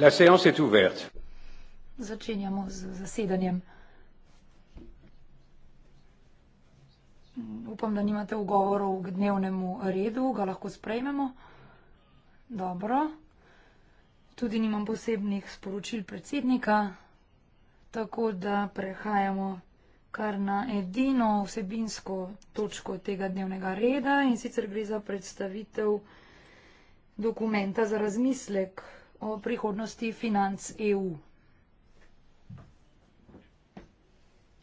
La séance est ouverte. Začenjamo z zasedanjem. Upam, da nimate ugovorov k dnevnemu redu, ga lahko sprejmemo. Dobro. Tudi nimam posebnih sporočil predsednika, tako da prehajamo kar na edino vsebinsko točko tega dnevnega reda in sicer gre za predstavitev dokumenta za razmislek o prihodnosti financ EU.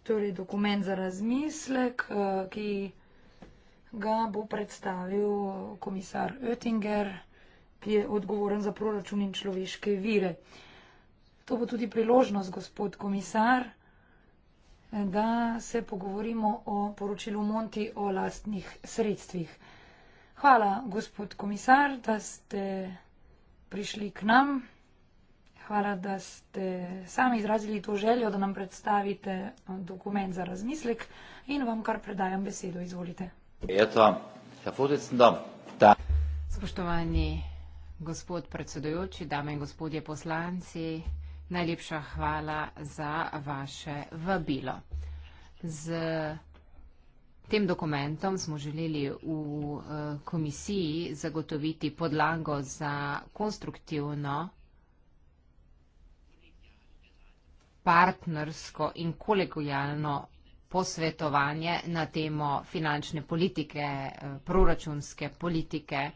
Torej dokument za razmislek, eh, ki ga bo predstavil komisar Oettinger, ki je odgovoren za proračun in človeške vire. To bo tudi priložnost, gospod komisar, eh, da se pogovorimo o poročilu Monti o lastnih sredstvih. Hvala, gospod komisar, da ste prišli k nam. Hvala, da ste sami izrazili to željo, da nam predstavite eh, dokument za razmislek in vam kar predajam besedo. Izvolite. Ja, Spoštovani gospod predsedujoči, dame in gospodje poslanci, najlepša hvala za vaše vabilo. Z Tem dokumentom smo želeli v eh, komisiji zagotoviti podlago za konstruktivno, partnersko in kolegojalno posvetovanje na temo finančne politike, eh, proračunske politike eh,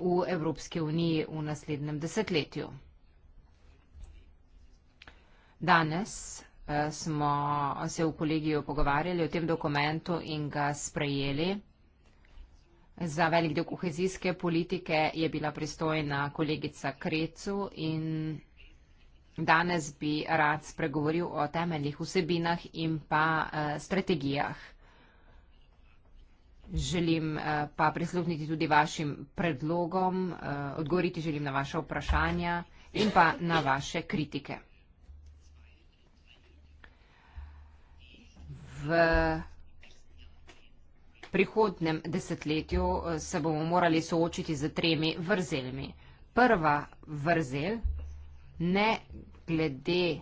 v Evropske uniji v naslednjem desetletju. Danes Eh, smo se v kolegiju pogovarjali o tem dokumentu in ga sprejeli. Za velik del kohezijske politike je bila pristojna kolegica Krecu in danes bi rad spregovoril o temeljih vsebinah in pa eh, strategijah. Želim eh, pa prisluhniti tudi vašim predlogom, odgovoriti želim na vaše vprašanja in pa na vaše kritike. prihodnem desetletju eh, se bomo morali soočiti z tremi vrzelmi. Prva vrzel, ne glede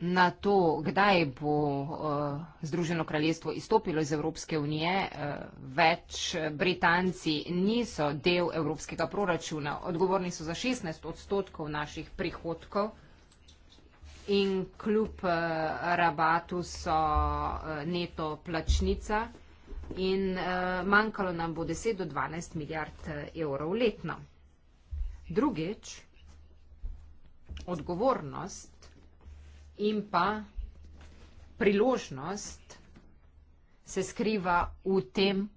na to, kdaj bo eh, Združeno kraljestvo izstopilo iz Evropske unije, eh, več Britanci niso del evropskega proračuna. Odgovorni so za 16 odstotkov naših prihodkov in kljub uh, rabatu so uh, neto plačnica in uh, manjkalo nam bo 10 do 12 milijard evrov letno. Drugič, odgovornost in pa priložnost se skriva v tem,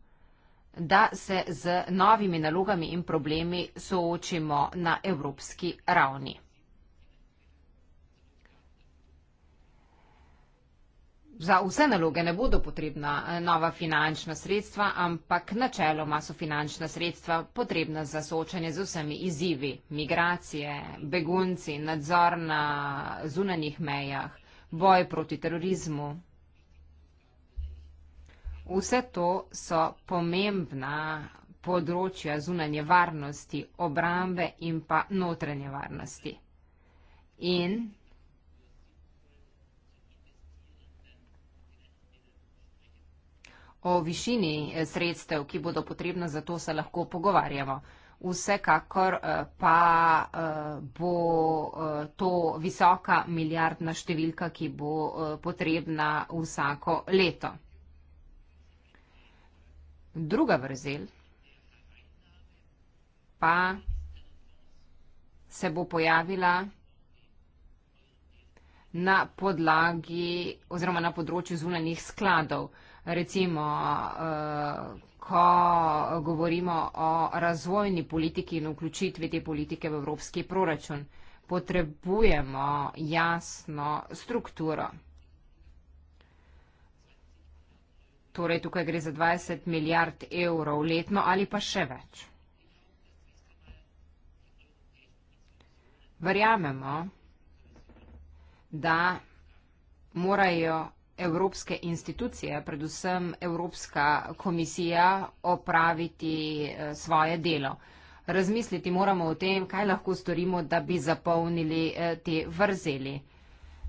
da se z novimi nalogami in problemi soočimo na evropski ravni. Za vse naloge ne bodo potrebna eh, nova finančna sredstva, ampak načeloma so finančna sredstva potrebna za soočanje z vsemi izzivi, migracije, begunci, nadzor na zunanjih mejah, boj proti terorizmu. Vse to so pomembna področja zunanje varnosti, obrambe in pa notranje varnosti. In O višini eh, sredstev, ki bodo potrebna za to, se lahko pogovarjamo. Vsekakor eh, pa eh, bo to visoka milijardna številka, ki bo potrebna vsako leto. Druga vrzel pa se bo pojavila na podlagi oziroma na področju zunanjih skladov recimo, eh, ko govorimo o razvojni politiki in vključitvi te politike v evropski proračun, potrebujemo jasno strukturo. Torej, tukaj gre za 20 milijard evrov letno ali pa še več. Verjamemo, da morajo evropske institucije, predvsem Evropska komisija, opraviti eh, svoje delo. Razmisliti moramo o tem, kaj lahko storimo, da bi zapolnili eh, te vrzeli.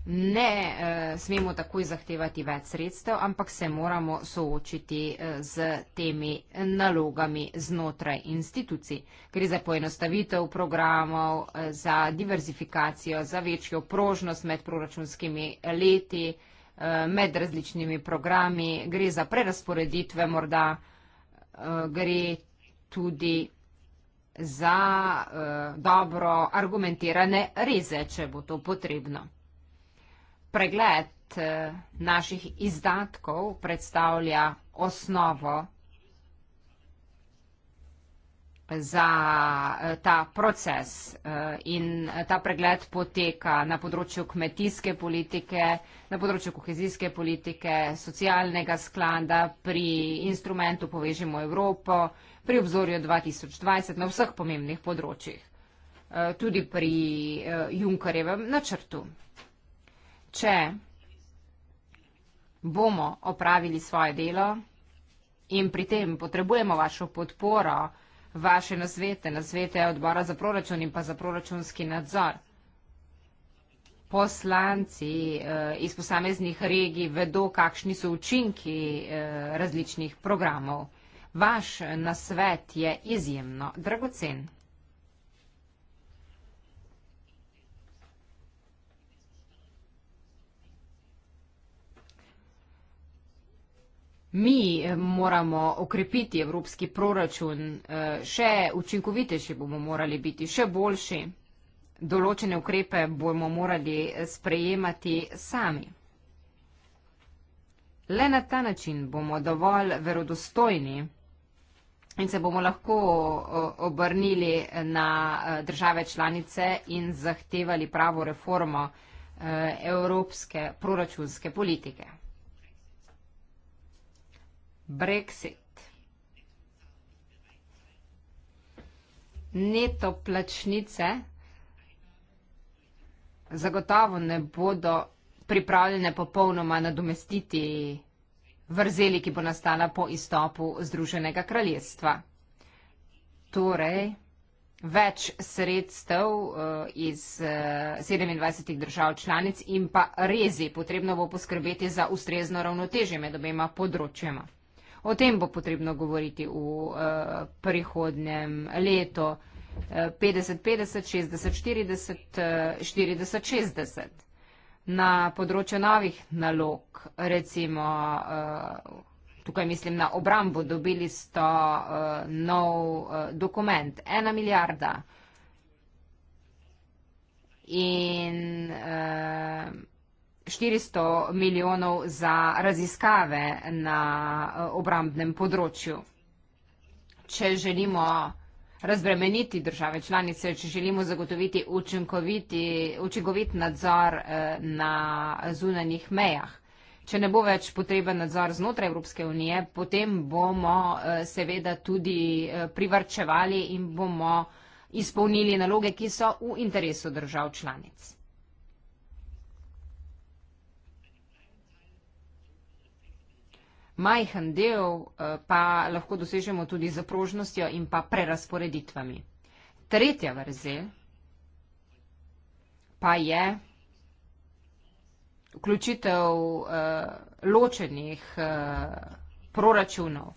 Ne eh, smemo takoj zahtevati več sredstev, ampak se moramo soočiti z temi nalogami znotraj institucij. Gre za poenostavitev programov, za diverzifikacijo, za večjo prožnost med proračunskimi leti. Eh, med različnimi programi, gre za prerasporeditve, morda eh, gre tudi za eh, dobro argumentirane reze, če bo to potrebno. Pregled naših izdatkov predstavlja osnovo za eh, ta proces eh, in eh, ta pregled poteka na področju kmetijske politike, na področju kohezijske politike, socialnega sklada, pri instrumentu Povežimo Evropo, pri obzorju 2020 na vseh pomembnih področjih, tudi pri Junkarjevem načrtu. Če bomo opravili svoje delo in pri tem potrebujemo vašo podporo, vaše nasvete, nasvete odbora za proračun in pa za proračunski nadzor. Poslanci eh, iz posameznih regij vedo, kakšni so učinki eh, različnih programov. Vaš nasvet je izjemno dragocen. Mi eh, moramo okrepiti evropski proračun, eh, še učinkovitejši bomo morali biti, še boljši. Določene ukrepe bomo morali eh, sprejemati sami. Le na ta način bomo dovolj verodostojni in se bomo lahko obrnili na države članice in zahtevali pravo reformo evropske proračunske politike. Brexit. Neto plačnice zagotovo ne bodo pripravljene popolnoma nadomestiti vrzeli, ki bo nastala po izstopu Združenega kraljestva. Torej, več sredstev eh, iz 27 eh, držav članic in pa rezi potrebno bo poskrbeti za ustrezno ravnotežje med obema področjema. O tem bo potrebno govoriti v uh, eh, prihodnem letu. 50-50, eh, 60-40-60. Eh, na področju novih nalog, recimo, tukaj mislim na obrambo, dobili sto nov dokument, ena milijarda. In. Uh, 400 milijonov za raziskave na eh, obrambnem področju. Če želimo razbremeniti države članice, če želimo zagotoviti učinkovit nadzor eh, na zunanjih mejah, če ne bo več potreben nadzor znotraj Evropske unije, potem bomo eh, seveda tudi privrčevali in bomo izpolnili naloge, ki so v interesu držav članic. majhen del eh, pa lahko dosežemo tudi z prožnostjo in pa prerasporeditvami. Tretja vrzel pa je vključitev eh, ločenih eh, proračunov.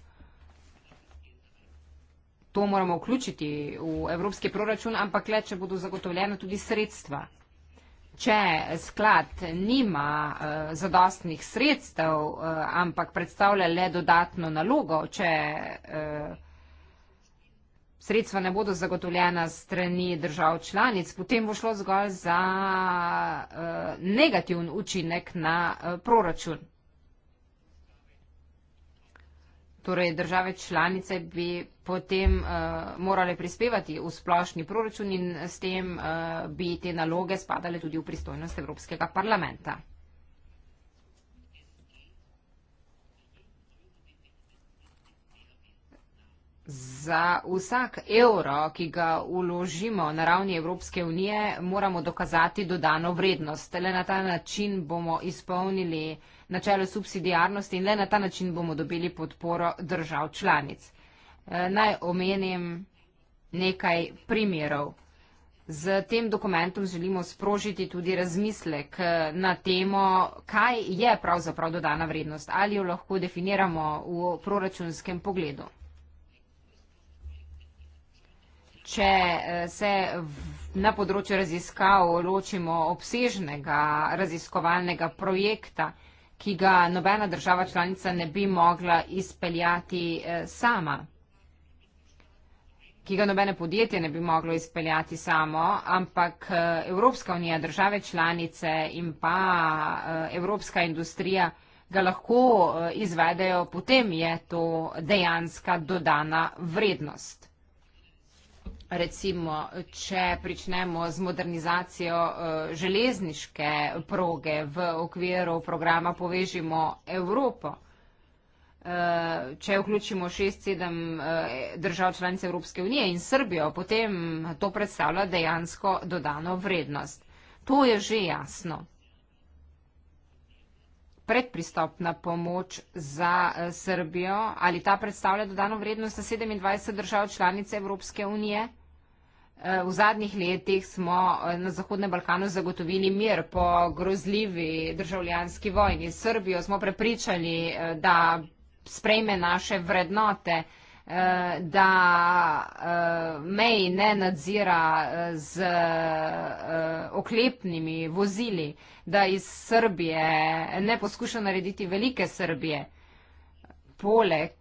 To moramo vključiti v evropski proračun, ampak le, če bodo zagotovljena tudi sredstva če sklad nima eh, zadostnih sredstev, eh, ampak predstavlja le dodatno nalogo, če eh, sredstva ne bodo zagotovljena strani držav članic, potem bo šlo zgolj za negativen učinek na proračun. Torej, države članice bi potem uh, morale prispevati v splošni proračun in s tem uh, bi te naloge spadale tudi v pristojnost Evropskega parlamenta. Za vsak evro, ki ga uložimo na ravni Evropske unije, moramo dokazati dodano vrednost. Le na ta način bomo izpolnili uh, načelo subsidijarnosti in le na ta način bomo dobili podporo držav članic. E, naj omenim nekaj primerov. Z tem dokumentom želimo sprožiti tudi razmislek e, na temo, kaj je pravzaprav dodana vrednost ali jo lahko definiramo v proračunskem pogledu. Če e, se na področju raziskav ločimo obsežnega raziskovalnega projekta, ki ga nobena država članica ne bi mogla izpeljati eh, sama, ki ga nobene podjetje ne bi moglo izpeljati samo, ampak eh, Evropska unija, države članice in pa eh, Evropska industrija ga lahko izvedejo, potem je to dejanska dodana vrednost recimo, če pričnemo z modernizacijo eh, železniške proge v okviru programa Povežimo Evropo, eh, če vključimo 6-7 eh, držav članice Evropske unije in Srbijo, potem to predstavlja dejansko dodano vrednost. To je že jasno. Predpristopna pomoč za Srbijo, ali ta predstavlja dodano vrednost za 27 držav članice Evropske unije? Eh, v zadnjih letih smo eh, na Zahodnem Balkanu zagotovili mir po grozljivi državljanski vojni. Srbijo smo prepričali, eh, da sprejme naše vrednote, da mej ne nadzira z oklepnimi vozili, da iz Srbije ne poskuša narediti velike Srbije. Poleg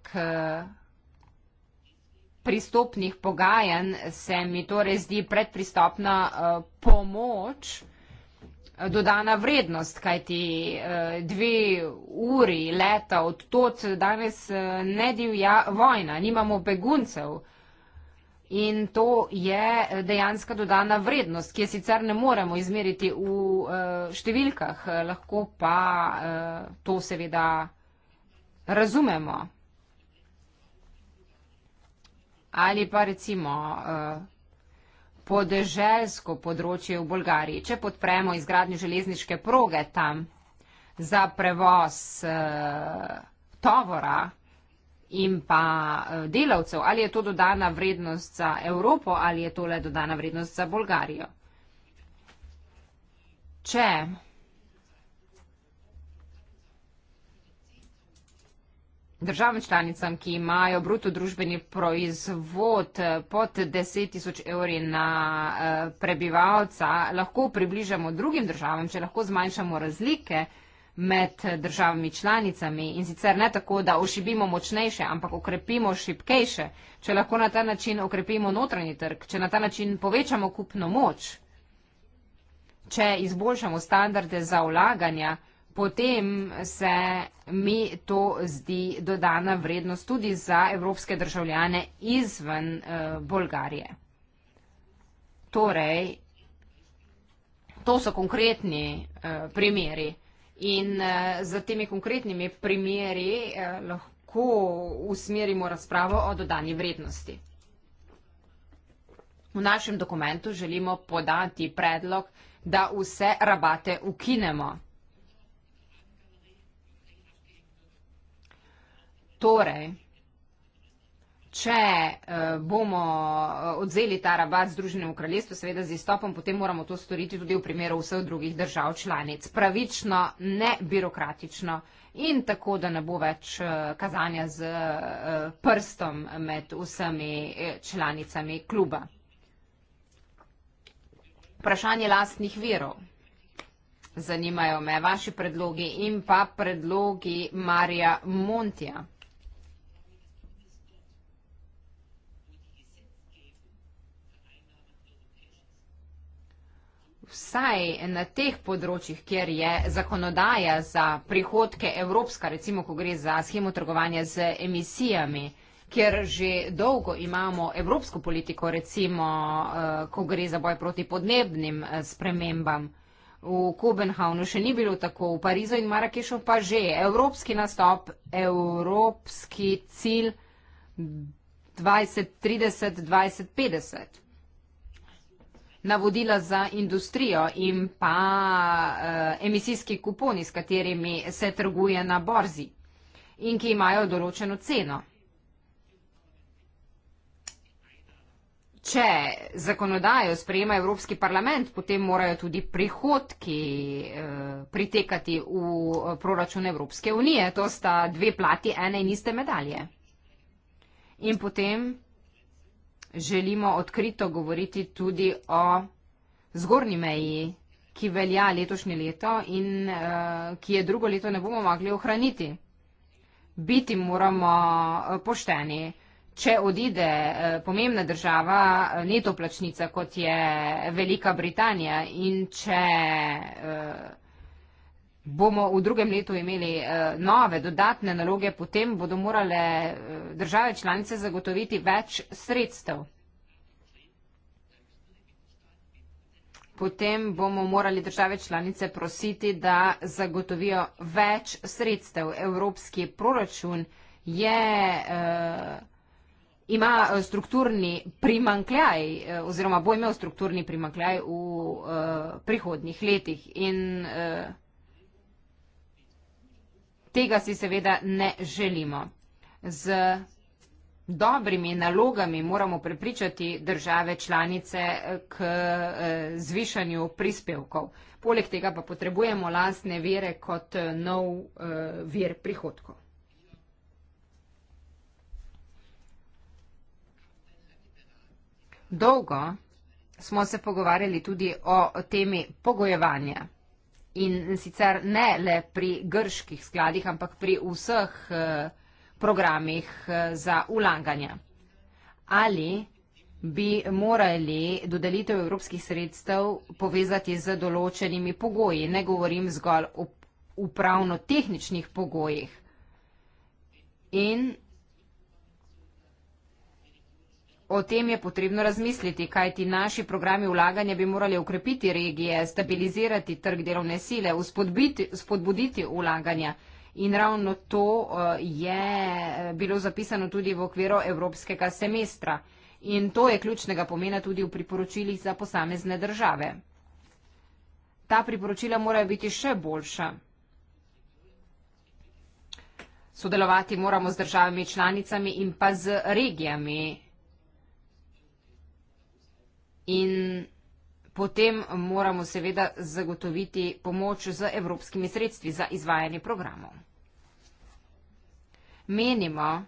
pristopnih pogajanj, se mi torej zdi predpristopna eh, pomoč eh, dodana vrednost, kajti eh, dve uri leta od tod danes ne divja vojna, nimamo beguncev. In to je dejanska dodana vrednost, ki je sicer ne moremo izmeriti v številkah, lahko pa to seveda razumemo ali pa recimo eh, podeželsko področje v Bolgariji, če podpremo izgradnje železniške proge tam za prevoz eh, tovora in pa eh, delavcev, ali je to dodana vrednost za Evropo ali je tole dodana vrednost za Bolgarijo. Če državam članicam, ki imajo bruto družbeni proizvod pod 10 tisoč evri na eh, prebivalca, lahko približamo drugim državam, če lahko zmanjšamo razlike med državami članicami in sicer ne tako, da ošibimo močnejše, ampak okrepimo šipkejše, če lahko na ta način okrepimo notranji trg, če na ta način povečamo kupno moč, če izboljšamo standarde za vlaganja, potem se mi to zdi dodana vrednost tudi za evropske državljane izven eh, Bolgarije. Torej, to so konkretni eh, primeri in eh, za temi konkretnimi primeri lahko usmerimo razpravo o dodani vrednosti. V našem dokumentu želimo podati predlog, da vse rabate ukinemo. Torej, če uh, bomo eh, odzeli ta rabat Združenemu kraljestvu, seveda z izstopom, potem moramo to storiti tudi v primeru vseh drugih držav članic. Pravično, ne birokratično in tako, da ne bo več uh, kazanja z uh, prstom med vsemi članicami kluba. Vprašanje lastnih virov. Zanimajo me vaši predlogi in pa predlogi Marija Montija. vsaj na teh področjih, kjer je zakonodaja za prihodke evropska, recimo, ko gre za schemo trgovanja z emisijami, kjer že dolgo imamo evropsko politiko, recimo, eh, ko gre za boj proti podnebnim eh, spremembam. V Kobenhavnu še ni bilo tako, v Parizu in Marakešu pa že. Evropski nastop, evropski cilj 2030-2050 navodila za industrijo in pa uh, emisijski kuponi, s katerimi se trguje na borzi in ki imajo določeno ceno. Če zakonodajo sprejema Evropski parlament, potem morajo tudi prihodki eh, pritekati v eh, proračun Evropske unije. To sta dve plati ene in iste medalje. In potem želimo odkrito govoriti tudi o zgornji meji, ki velja letošnje leto in uh, ki je drugo leto ne bomo mogli ohraniti. Biti moramo eh, pošteni. Če odide eh, pomembna država, netoplačnica, kot je Velika Britanija, in če uh, bomo v drugem letu imeli eh, nove dodatne naloge, potem bodo morale eh, države članice zagotoviti več sredstev. Potem bomo morali države članice prositi, da zagotovijo več sredstev. Evropski proračun je, eh, ima eh, strukturni primankljaj oziroma bo imel strukturni primankljaj v eh, prihodnih letih. In, eh, Tega si seveda ne želimo. Z dobrimi nalogami moramo prepričati države članice eh, k eh, zvišanju prispevkov. Poleg tega pa potrebujemo lastne vere kot eh, nov vir prihodkov. Dolgo smo se pogovarjali tudi o temi pogojevanja in sicer ne le pri grških skladih, ampak pri vseh eh, programih eh, za ulaganja. Ali bi morali dodelitev evropskih sredstev povezati z določenimi pogoji, ne govorim zgolj o upravno-tehničnih pogojih. In O tem je potrebno razmisliti, kaj ti naši programi vlaganja bi morali ukrepiti regije, stabilizirati trg delovne sile, spodbuditi vlaganja. In ravno to eh, je eh, bilo zapisano tudi v okviru evropskega semestra. In to je ključnega pomena tudi v priporočilih za posamezne države. Ta priporočila morajo biti še boljša. Sodelovati moramo z državami članicami in pa z regijami in potem moramo seveda zagotoviti pomoč z evropskimi sredstvi za izvajanje programov. Menimo,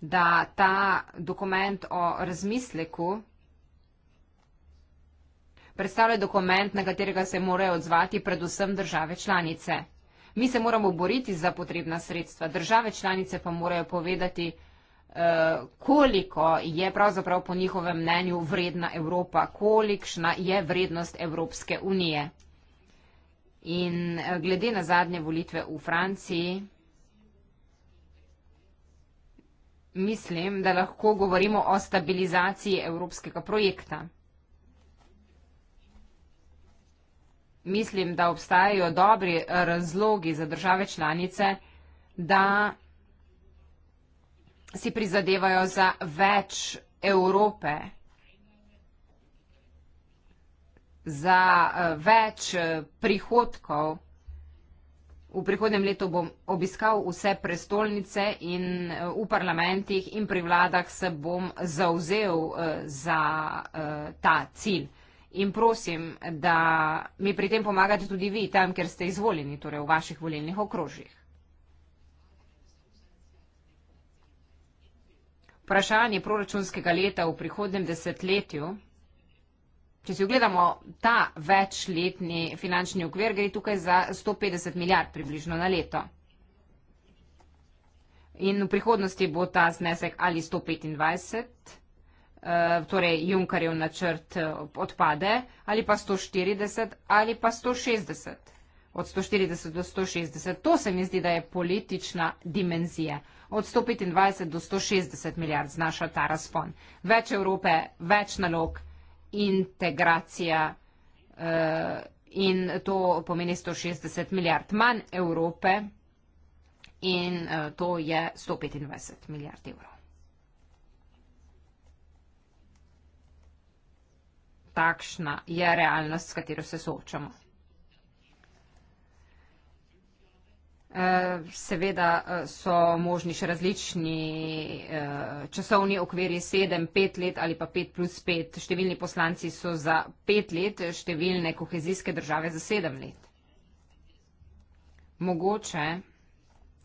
da ta dokument o razmisleku predstavlja dokument, na katerega se morajo odzvati predvsem države članice. Mi se moramo boriti za potrebna sredstva, države članice pa morajo povedati, koliko je pravzaprav po njihovem mnenju vredna Evropa, kolikšna je vrednost Evropske unije. In eh, glede na zadnje volitve v Franciji, mislim, da lahko govorimo o stabilizaciji evropskega projekta. Mislim, da obstajajo dobri eh, razlogi za države članice, da si prizadevajo za več Evrope, za eh, več eh, prihodkov. V prihodnem letu bom obiskal vse prestolnice in eh, v parlamentih in pri vladah se bom zauzel za ta cilj. In prosim, da mi pri tem pomagate tudi vi, tam, kjer ste izvoljeni, torej v vaših volilnih okrožjih. vprašanje proračunskega leta v prihodnem desetletju. Če si ogledamo ta večletni finančni okvir, gre tukaj za 150 milijard približno na leto. In v prihodnosti bo ta znesek ali 125, eh, torej Junkarjev načrt eh, odpade, ali pa 140 ali pa 160. Od 140 do 160. To se mi zdi, da je politična dimenzija od 125 do 160 milijard znaša ta razpon. Več Evrope, več nalog, integracija uh, in to pomeni 160 milijard manj Evrope in uh, to je 125 milijard evrov. Takšna je realnost, s katero se soočamo. Eh, seveda eh, so možni še različni eh, časovni okviri 7, 5 let ali pa 5 plus 5. Številni poslanci so za 5 let, številne kohezijske države za 7 let. Mogoče,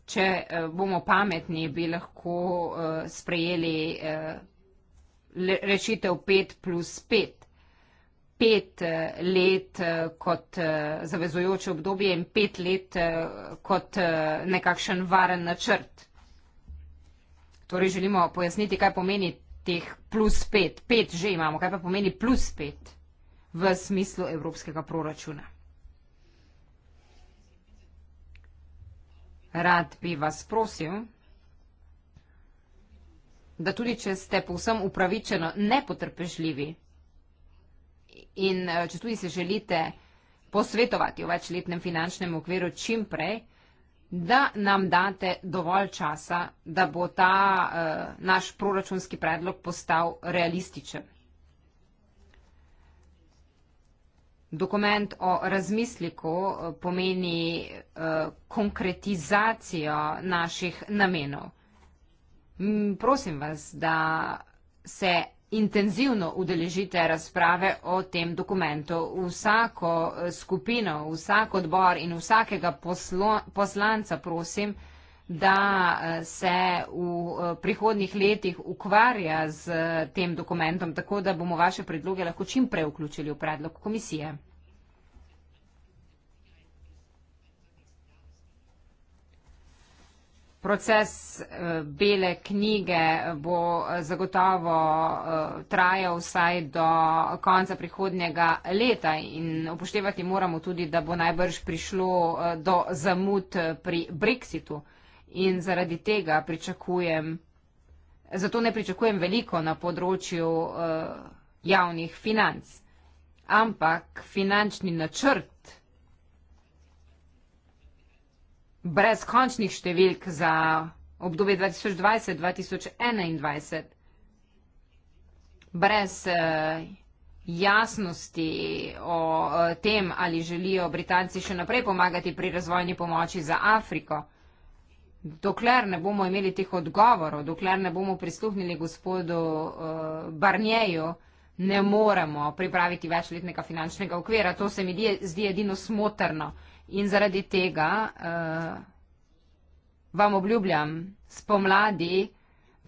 če bomo pametni, bi lahko sprejeli rešitev 5 plus 5 pet eh, let eh, kot eh, zavezujoče obdobje in pet let kot nekakšen varen načrt. Torej želimo pojasniti, kaj pomeni teh plus pet. Pet že imamo, kaj pa pomeni plus pet v smislu evropskega proračuna. Rad bi vas prosil, da tudi če ste povsem upravičeno nepotrpežljivi, In eh, če tudi se želite posvetovati o večletnem finančnem okviru čim prej, da nam date dovolj časa, da bo ta eh, naš proračunski predlog postal realističen. Dokument o razmisliku eh, pomeni eh, konkretizacijo naših namenov. Prosim vas, da se intenzivno udeležite razprave o tem dokumentu. Vsako eh, skupino, vsak odbor in vsakega poslo, poslanca prosim, da eh, se v eh, prihodnih letih ukvarja z tem dokumentom, tako da bomo vaše predloge lahko čim prej vključili v predlog komisije. proces eh, bele knjige bo eh, zagotovo eh, trajal vsaj do konca prihodnjega leta in upoštevati moramo tudi, da bo najbrž prišlo do zamud pri Brexitu in zaradi tega pričakujem, zato ne pričakujem veliko na področju javnih financ, ampak finančni načrt brez končnih številk za obdobje 2020-2021, brez eh, jasnosti o eh, tem, ali želijo Britanci še naprej pomagati pri razvojni pomoči za Afriko, dokler ne bomo imeli teh odgovorov, dokler ne bomo prisluhnili gospodu eh, Barnjeju, ne moremo pripraviti večletnega finančnega okvira. To se mi zdi edino smotrno. In zaradi tega uh, vam obljubljam spomladi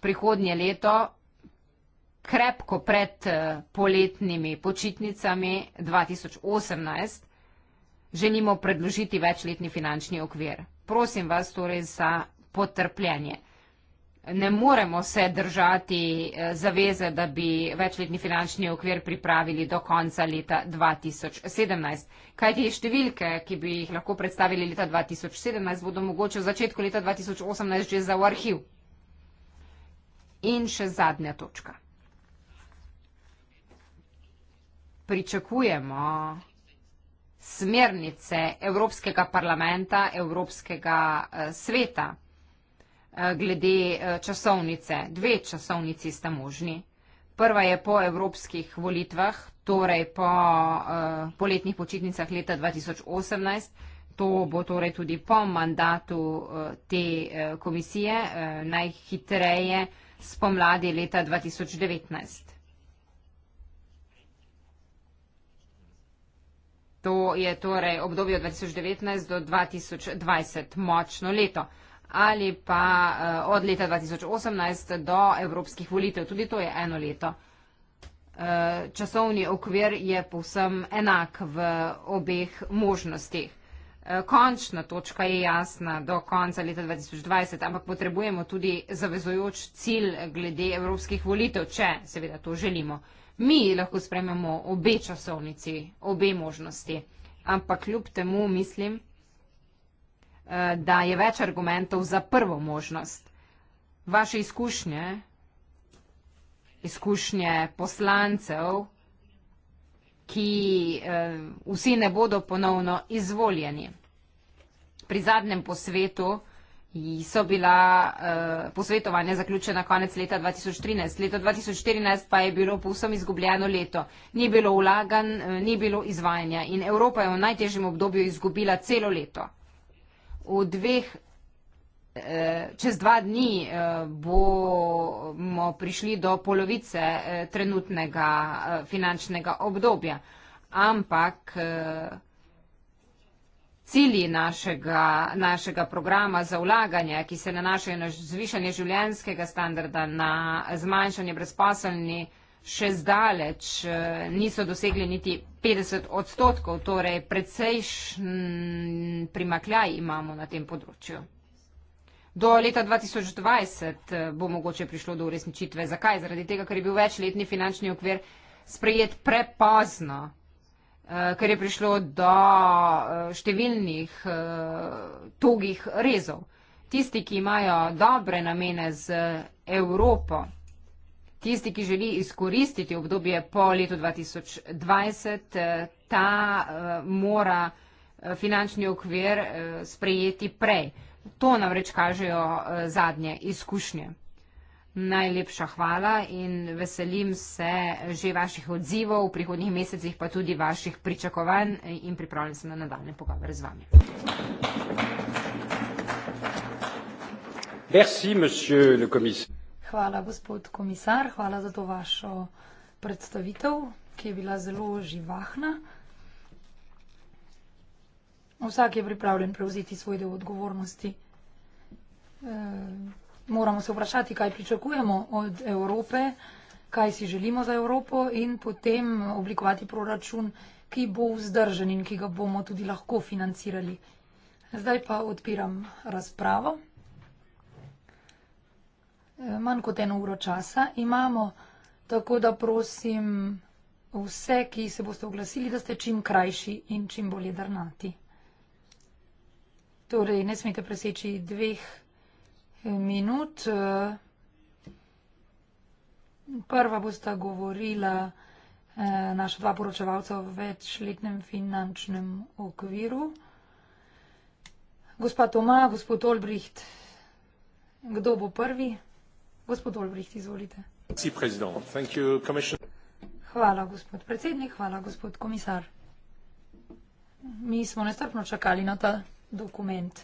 prihodnje leto, krepko pred eh, poletnimi počitnicami 2018, želimo predložiti večletni finančni okvir. Prosim vas torej za potrpljenje ne moremo se držati eh, zaveze, da bi večletni finančni okvir pripravili do konca leta 2017. Kaj ti številke, ki bi jih lahko predstavili leta 2017, bodo mogoče v začetku leta 2018 že za v arhiv. In še zadnja točka. Pričakujemo smernice Evropskega parlamenta, Evropskega eh, sveta Eh, glede eh, časovnice. Dve časovnici sta možni. Prva je po evropskih volitvah, torej po eh, poletnih počitnicah leta 2018. To bo torej tudi po mandatu te komisije, najhitreje spomladi leta 2019. To je torej obdobje od 2019 do 2020, močno leto ali pa uh, od leta 2018 do evropskih volitev. Tudi to je eno leto. Uh, časovni okvir je povsem enak v obeh možnostih. Uh, končna točka je jasna do konca leta 2020, ampak potrebujemo tudi zavezojoč cilj glede evropskih volitev, če seveda to želimo. Mi lahko sprememo obe časovnici, obe možnosti. Ampak kljub temu mislim, Eh, da je več argumentov za prvo možnost. Vaše izkušnje, izkušnje poslancev, ki eh, vsi ne bodo ponovno izvoljeni. Pri zadnjem posvetu so bila eh, posvetovanja zaključena konec leta 2013. Leto 2014 pa je bilo povsem izgubljeno leto. Ni bilo vlagan, ni bilo izvajanja in Evropa je v najtežjem obdobju izgubila celo leto v dveh, eh, čez dva dni eh, bomo prišli do polovice eh, trenutnega finančnega obdobja. Ampak cilji našega, našega programa za vlaganje, ki se nanašajo na zvišanje življenskega standarda, na zmanjšanje brezposelnih, še zdaleč eh, niso dosegli niti 50 odstotkov, torej precejšn primakljaj imamo na tem področju. Do leta 2020 eh, bo mogoče prišlo do uresničitve. Zakaj? Zaradi tega, ker je bil večletni finančni okvir sprejet prepozno, eh, ker je prišlo do številnih togih rezov. Tisti, ki imajo dobre namene z Evropo, Tisti, ki želi izkoristiti obdobje po letu 2020, eh, ta eh, mora eh, finančni okvir sprejeti prej. To namreč kažejo zadnje izkušnje. Najlepša hvala in veselim se že vaših odzivov v prihodnjih mesecih, pa tudi vaših pričakovanj in pripravljam se na nadaljne pogovore z vami. Merci, monsieur le commissaire hvala, gospod komisar, hvala za to vašo predstavitev, ki je bila zelo živahna. Vsak je pripravljen prevzeti svoj del odgovornosti. E, moramo se vprašati, kaj pričakujemo od Evrope, kaj si želimo za Evropo in potem oblikovati proračun, ki bo vzdržen in ki ga bomo tudi lahko financirali. Zdaj pa odpiram razpravo manj kot eno uro časa imamo, tako da prosim vse, ki se boste oglasili, da ste čim krajši in čim bolje drnati. Torej, ne smete preseči dveh eh, minut. Eh, prva bosta govorila eh, naša dva poročevalca v večletnem finančnem okviru. Gospa Toma, gospod Olbricht, kdo bo prvi? Gospod Olbricht, izvolite. Hvala, gospod predsednik, hvala, gospod komisar. Mi smo nestrpno čakali na ta dokument.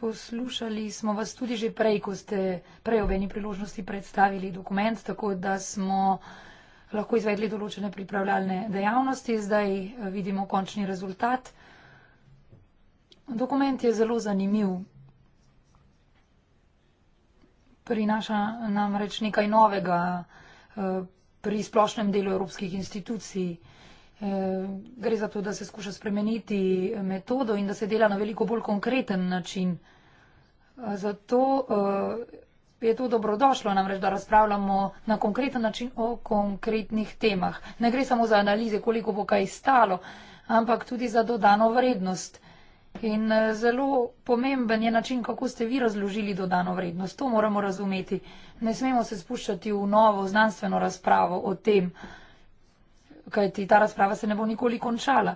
Poslušali smo vas tudi že prej, ko ste prej ob eni priložnosti predstavili dokument, tako da smo lahko izvedli določene pripravljalne dejavnosti. Zdaj eh, vidimo končni rezultat. Dokument je zelo zanimiv prinaša namreč nekaj novega eh, pri splošnem delu evropskih institucij. Eh, gre za to, da se skuša spremeniti metodo in da se dela na veliko bolj konkreten način. Eh, zato je to dobrodošlo, namreč, da razpravljamo na konkreten način o konkretnih temah. Ne gre samo za analize, koliko bo kaj stalo, ampak tudi za dodano vrednost. In eh, zelo pomemben je način, kako ste vi razložili dodano vrednost. To moramo razumeti. Ne smemo se spuščati v novo znanstveno razpravo o tem, kajti ta razprava se ne bo nikoli končala.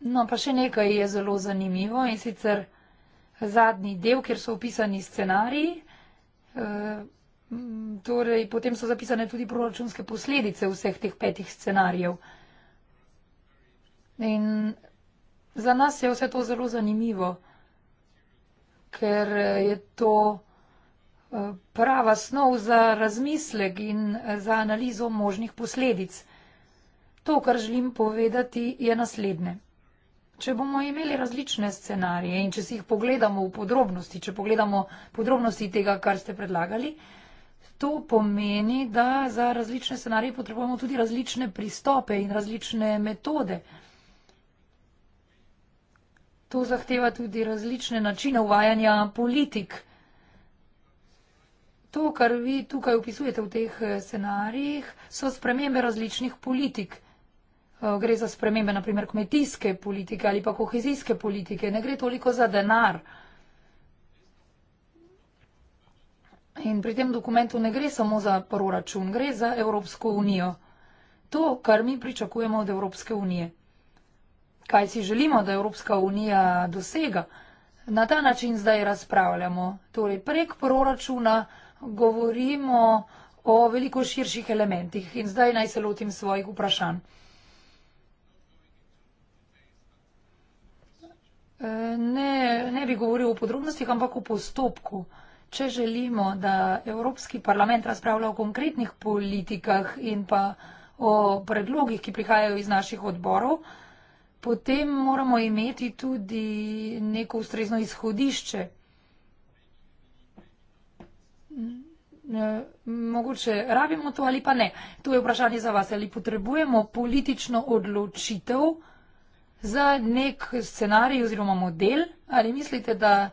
No, pa še nekaj je zelo zanimivo in sicer zadnji del, kjer so opisani scenariji. Eh, torej, potem so zapisane tudi proračunske posledice vseh teh petih scenarijev. In za nas je vse to zelo zanimivo, ker eh, je to eh, prava snov za razmislek in eh, za analizo možnih posledic. To, kar želim povedati, je naslednje. Če bomo imeli različne scenarije in če si jih pogledamo v podrobnosti, če pogledamo podrobnosti tega, kar ste predlagali, to pomeni, da za različne scenarije potrebujemo tudi različne pristope in različne metode. To zahteva tudi različne načine uvajanja politik. To, kar vi tukaj opisujete v teh eh, scenarijih, so spremembe različnih politik. Eh, gre za spremembe, naprimer, kmetijske politike ali pa kohezijske politike. Ne gre toliko za denar. In pri tem dokumentu ne gre samo za proračun, gre za Evropsko unijo. To, kar mi pričakujemo od Evropske unije kaj si želimo, da Evropska unija dosega. Na ta način zdaj razpravljamo. Torej, prek proračuna govorimo o veliko širših elementih in zdaj naj se lotim svojih vprašanj. E, ne, ne bi govoril o podrobnostih, ampak o postopku. Če želimo, da Evropski parlament razpravlja o konkretnih politikah in pa o predlogih, ki prihajajo iz naših odborov, potem moramo imeti tudi neko ustrezno izhodišče. Mogoče rabimo to ali pa ne. To je vprašanje za vas. Ali potrebujemo politično odločitev za nek scenarij oziroma model? Ali mislite, da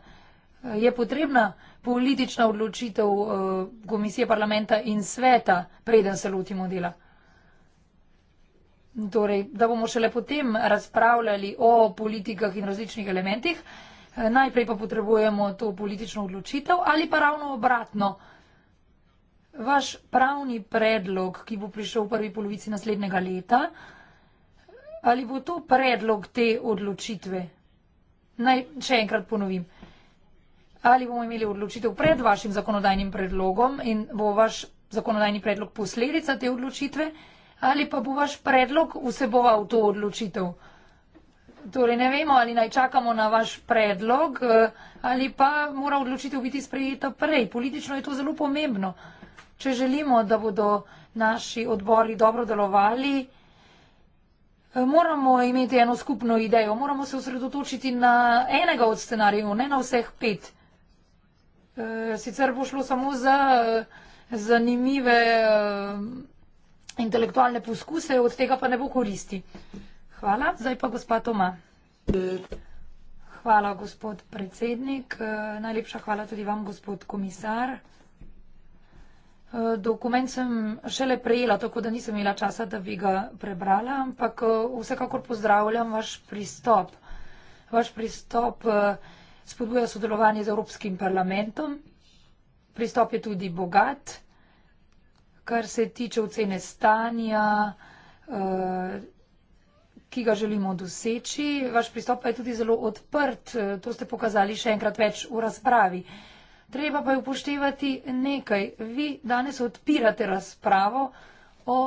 eh, je potrebna politična odločitev eh, komisije parlamenta in sveta, preden se lotimo dela? torej, da bomo šele potem razpravljali o politikah in različnih elementih. Najprej pa potrebujemo to politično odločitev ali pa ravno obratno. Vaš pravni predlog, ki bo prišel v prvi polovici naslednjega leta, ali bo to predlog te odločitve? Naj še enkrat ponovim. Ali bomo imeli odločitev pred vašim zakonodajnim predlogom in bo vaš zakonodajni predlog posledica te odločitve? ali pa bo vaš predlog vseboval to odločitev. Torej ne vemo, ali naj čakamo na vaš predlog eh, ali pa mora odločitev biti sprejeta prej. Politično je to zelo pomembno. Če želimo, da bodo naši odbori dobro delovali, eh, moramo imeti eno skupno idejo, moramo se osredotočiti na enega od scenarijev, ne na vseh pet. Eh, sicer bo šlo samo za zanimive intelektualne poskuse, od tega pa ne bo koristi. Hvala, zdaj pa gospa Toma. Hvala, gospod predsednik. Eh, najlepša hvala tudi vam, gospod komisar. Eh, dokument sem šele prejela, tako da nisem imela časa, da bi ga prebrala, ampak eh, vsekakor pozdravljam vaš pristop. Vaš pristop spodbuja sodelovanje z Evropskim parlamentom. Pristop je tudi bogat kar se tiče ocene stanja, eh, ki ga želimo doseči. Vaš pristop pa je tudi zelo odprt, eh, to ste pokazali še enkrat več v razpravi. Treba pa je upoštevati nekaj. Vi danes odpirate razpravo o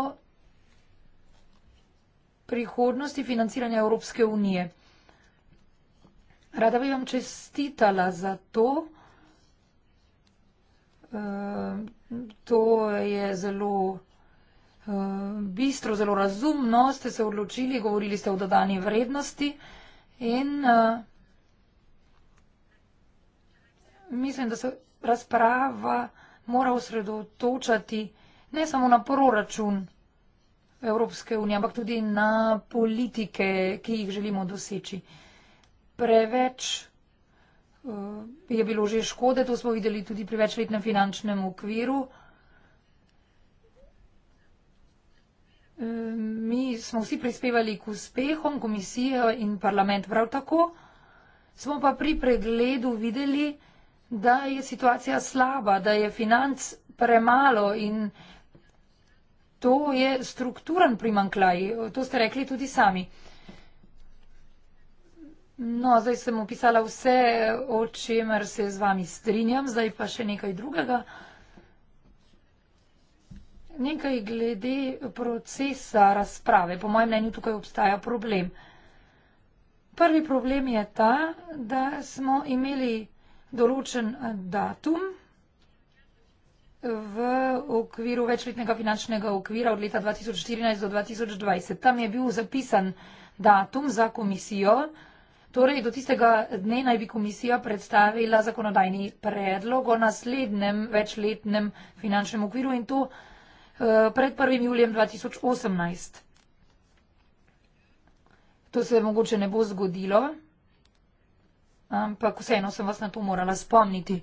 prihodnosti financiranja Evropske unije. Rada bi vam čestitala za to, da je to. Eh, to je zelo eh, bistro, zelo razumno, ste se odločili, govorili ste o dodani vrednosti in eh, mislim, da se razprava mora osredotočati ne samo na proračun Evropske unije, ampak tudi na politike, ki jih želimo doseči. Preveč Eh, je bilo že škode, to smo videli tudi pri večletnem finančnem okviru. Eh, mi smo vsi prispevali k uspehom, komisija in parlament prav tako. Smo pa pri pregledu videli, da je situacija slaba, da je financ premalo in to je strukturan primankljaj. To ste rekli tudi sami. No, zdaj sem opisala vse, o čemer se z vami strinjam, zdaj pa še nekaj drugega. Nekaj glede procesa razprave. Po mojem mnenju tukaj obstaja problem. Prvi problem je ta, da smo imeli določen eh, datum v okviru večletnega finančnega okvira od leta 2014 do 2020. Tam je bil zapisan datum za komisijo Torej, do tistega dne naj bi komisija predstavila zakonodajni predlog o naslednjem večletnem finančnem okviru in to uh, pred 1. julijem 2018. To se mogoče ne bo zgodilo, ampak vseeno sem vas na to morala spomniti.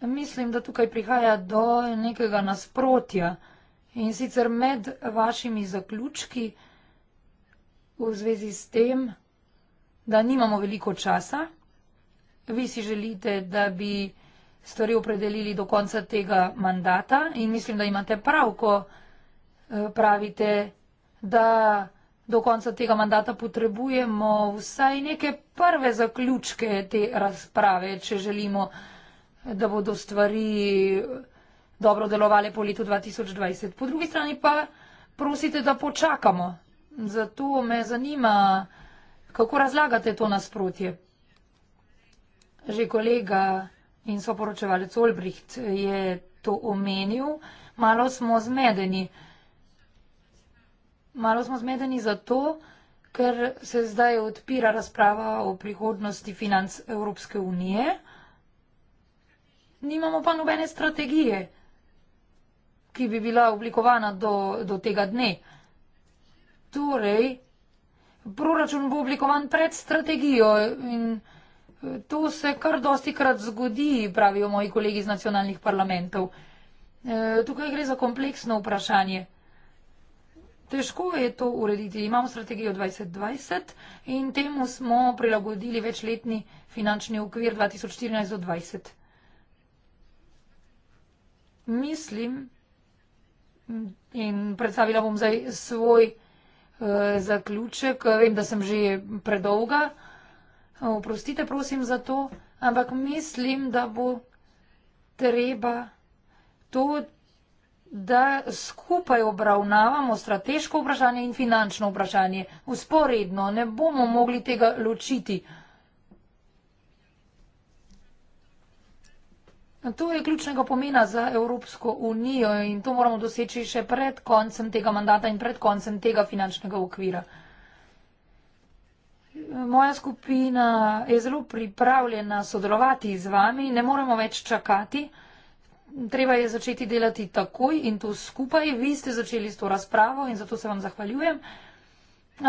Mislim, da tukaj prihaja do nekega nasprotja in sicer med vašimi zaključki v zvezi s tem, da nimamo veliko časa. Vi si želite, da bi stvari opredelili do konca tega mandata in mislim, da imate prav, ko eh, pravite, da do konca tega mandata potrebujemo vsaj neke prve zaključke te razprave, če želimo, da bodo stvari eh, dobro delovale po letu 2020. Po drugi strani pa prosite, da počakamo Zato me zanima, kako razlagate to nasprotje. Že kolega in soporočevalec Olbricht je to omenil, malo smo zmedeni. Malo smo zmedeni zato, ker se zdaj odpira razprava o prihodnosti financ Evropske unije. Nimamo pa nobene strategije, ki bi bila oblikovana do, do tega dneva. Torej, proračun bo oblikovan pred strategijo in e, to se kar dosti krat zgodi, pravijo moji kolegi iz nacionalnih parlamentov. E, tukaj gre za kompleksno vprašanje. Težko je to urediti. Imamo strategijo 2020 in temu smo prilagodili večletni finančni okvir 2014 do 2020. Mislim, in predstavila bom zdaj svoj Eh, zaključek. Eh, vem, da sem že predolga. Oprostite, prosim, za to. Ampak mislim, da bo treba to, da skupaj obravnavamo strateško vprašanje in finančno vprašanje. Usporedno ne bomo mogli tega ločiti. To je ključnega pomena za Evropsko unijo in to moramo doseči še pred koncem tega mandata in pred koncem tega finančnega okvira. Moja skupina je zelo pripravljena sodelovati z vami, ne moremo več čakati. Treba je začeti delati takoj in to skupaj. Vi ste začeli s to razpravo in zato se vam zahvaljujem.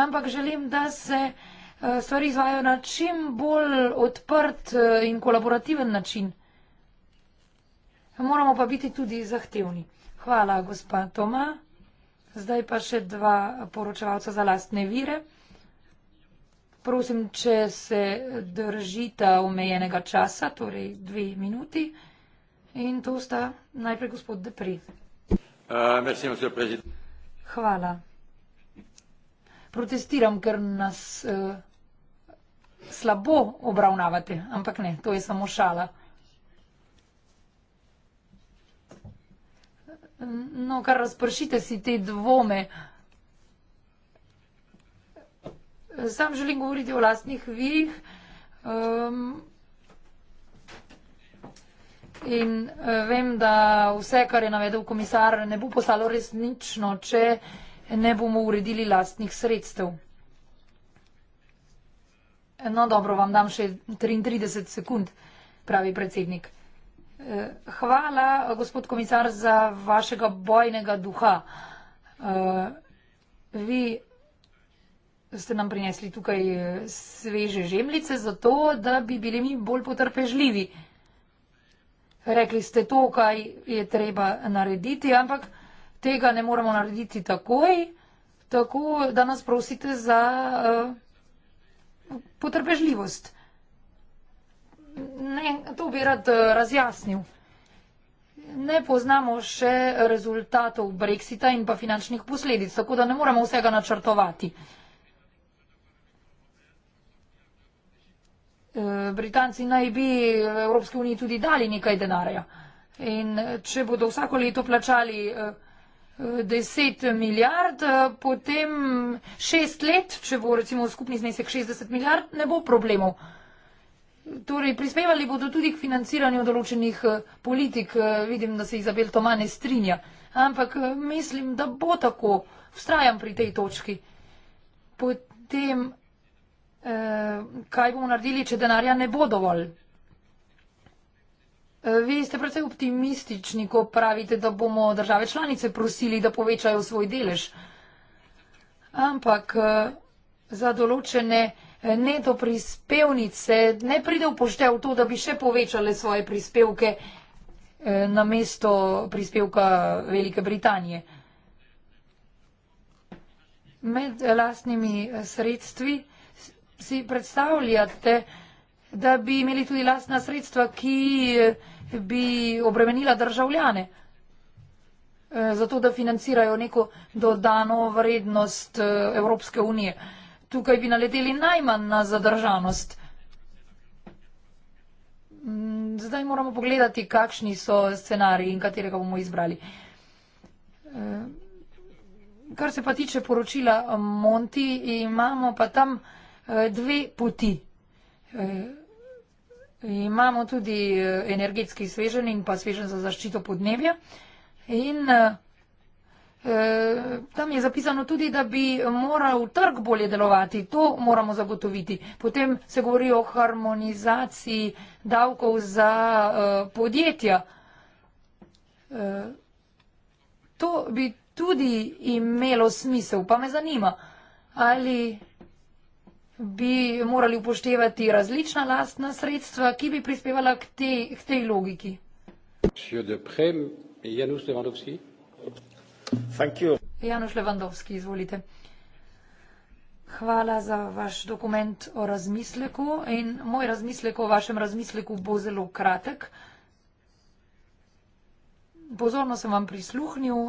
Ampak želim, da se eh, stvari izvajo na čim bolj odprt eh, in kolaborativen način. Moramo pa biti tudi zahtevni. Hvala, gospa Toma. Zdaj pa še dva poročevalca za lastne vire. Prosim, če se držita omejenega časa, torej dve minuti. In to sta najprej gospod Depri. Uh, Hvala. Protestiram, ker nas uh, slabo obravnavate, ampak ne, to je samo šala. No, kar razpršite si te dvome. Sam želim govoriti o lastnih virih um, in eh, vem, da vse, kar je navedel komisar, ne bo postalo resnično, če ne bomo uredili lastnih sredstev. No dobro, vam dam še 33 sekund, pravi predsednik. Eh, hvala, gospod komisar, za vašega bojnega duha. Eh, vi ste nam prinesli tukaj eh, sveže žemljice, zato da bi bili mi bolj potrpežljivi. Rekli ste to, kaj je treba narediti, ampak tega ne moramo narediti takoj, tako da nas prosite za uh, potrpežljivost. Uh, ne, to bi rad eh, razjasnil. Ne poznamo še rezultatov Brexita in pa finančnih posledic, tako da ne moremo vsega načrtovati. Eh, Britanci naj bi Evropske unije tudi dali nekaj denarja. In eh, če bodo vsako leto plačali 10 milijard, potem 6 let, če bo recimo skupni znesek 60 milijard, ne bo problemov. Torej, prispevali bodo tudi k financiranju določenih eh, politik, eh, vidim, da se Izabel Toma ne strinja, ampak eh, mislim, da bo tako, vztrajam pri tej točki. Potem, eh, kaj bomo naredili, če denarja ne bo dovolj? Vi ste predvsej optimistični, ko pravite, da bomo države članice prosili, da povečajo svoj delež. Ampak za določene neto prispevnice, ne pride upoštev to, da bi še povečale svoje prispevke eh, na mesto prispevka Velike Britanije. Med lastnimi eh, sredstvi si predstavljate, da bi imeli tudi lastna sredstva, ki eh, bi obremenila državljane, zato da financirajo neko dodano vrednost Evropske unije tukaj bi naleteli najmanj na zadržanost. Mm, zdaj moramo pogledati, kakšni so scenariji in katerega bomo izbrali. Eh, kar se pa tiče poročila Monti, imamo pa tam eh, dve poti. Eh, imamo tudi energetski svežen in pa svežen za zaščito podnebja. In Eh, tam je zapisano tudi, da bi moral trg bolje delovati. To moramo zagotoviti. Potem se govori o harmonizaciji davkov za eh, podjetja. Eh, to bi tudi imelo smisel, pa me zanima, ali bi morali upoštevati različna lastna sredstva, ki bi prispevala k tej, k tej logiki. Monsieur Deprem, Janus Levandovski. Janoš Levandovski, izvolite. Hvala za vaš dokument o razmisleku in moj razmislek o vašem razmisleku bo zelo kratek. Pozorno sem vam prisluhnil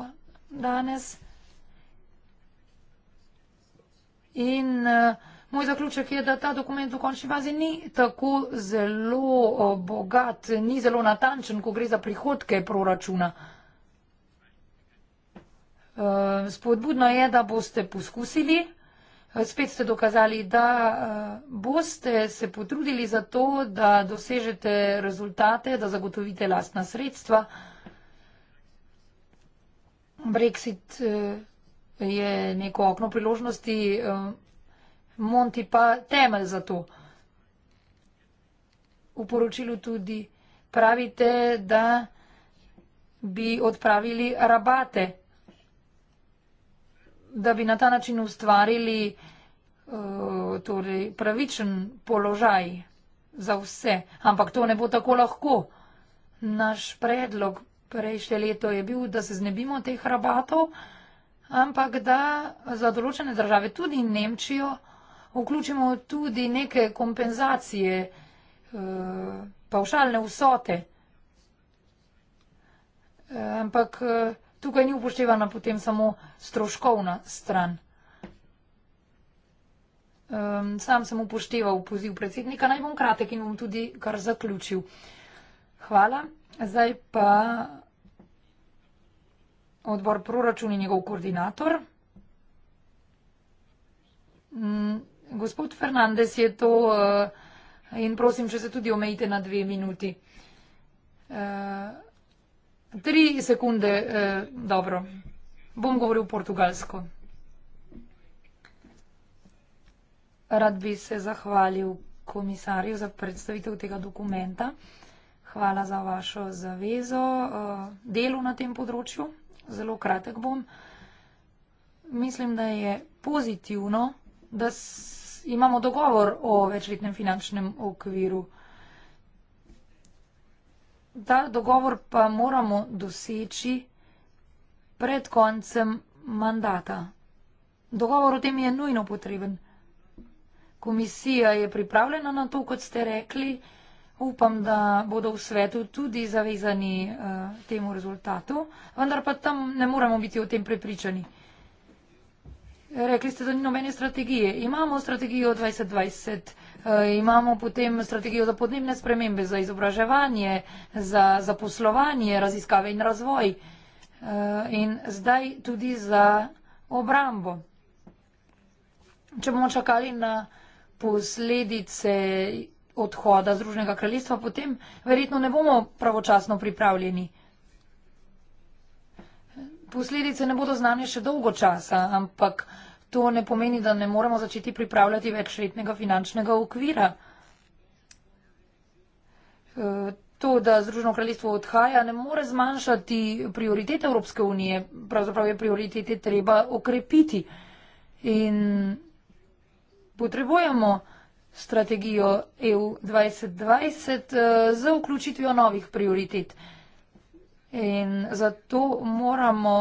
danes in eh, moj zaključek je, da ta dokument v končni fazi ni tako zelo eh, bogat, ni zelo natančen, ko gre za prihodke proračuna. Eh, spodbudno je, da boste poskusili, eh, spet ste dokazali, da eh, boste se potrudili za to, da dosežete rezultate, da zagotovite lastna sredstva. Brexit je neko okno priložnosti, Monti pa temelj za to. V poročilu tudi pravite, da bi odpravili rabate da bi na ta način ustvarili eh, torej, pravičen položaj za vse. Ampak to ne bo tako lahko. Naš predlog prejšnje leto je bil, da se znebimo teh rabatov, ampak da za določene države, tudi Nemčijo, vključimo tudi neke kompenzacije, eh, pavšalne vsote. Eh, ampak tukaj ni upoštevana potem samo stroškovna stran. Um, sam sem upošteval poziv predsednika, naj bom kratek in bom tudi kar zaključil. Hvala. Zdaj pa odbor proračun in njegov koordinator. Mm, gospod Fernandez je to uh, in prosim, če se tudi omejite na dve minuti. Uh, Tri sekunde, eh, dobro. Bom govoril portugalsko. Rad bi se zahvalil komisarju za predstavitev tega dokumenta. Hvala za vašo zavezo, eh, delo na tem področju. Zelo kratek bom. Mislim, da je pozitivno, da imamo dogovor o večletnem finančnem okviru. Ta dogovor pa moramo doseči pred koncem mandata. Dogovor o tem je nujno potreben. Komisija je pripravljena na to, kot ste rekli. Upam, da bodo v svetu tudi zavezani uh, temu rezultatu, vendar pa tam ne moramo biti o tem prepričani. Rekli ste, da ni nobene strategije. Imamo strategijo 2020. Eh, imamo potem strategijo za podnebne spremembe, za izobraževanje, za zaposlovanje, raziskave in razvoj eh, in zdaj tudi za obrambo. Če bomo čakali na posledice odhoda Združnega kraljestva, potem verjetno ne bomo pravočasno pripravljeni. Posledice ne bodo znane še dolgo časa, ampak vsega, to ne pomeni, da ne moramo začeti pripravljati večletnega finančnega okvira. E, to, da Združeno kraljestvo odhaja, ne more zmanjšati prioritete Evropske unije, pravzaprav je prioritete treba okrepiti. In potrebujemo strategijo EU 2020 e, z vključitvijo novih prioritet. In zato moramo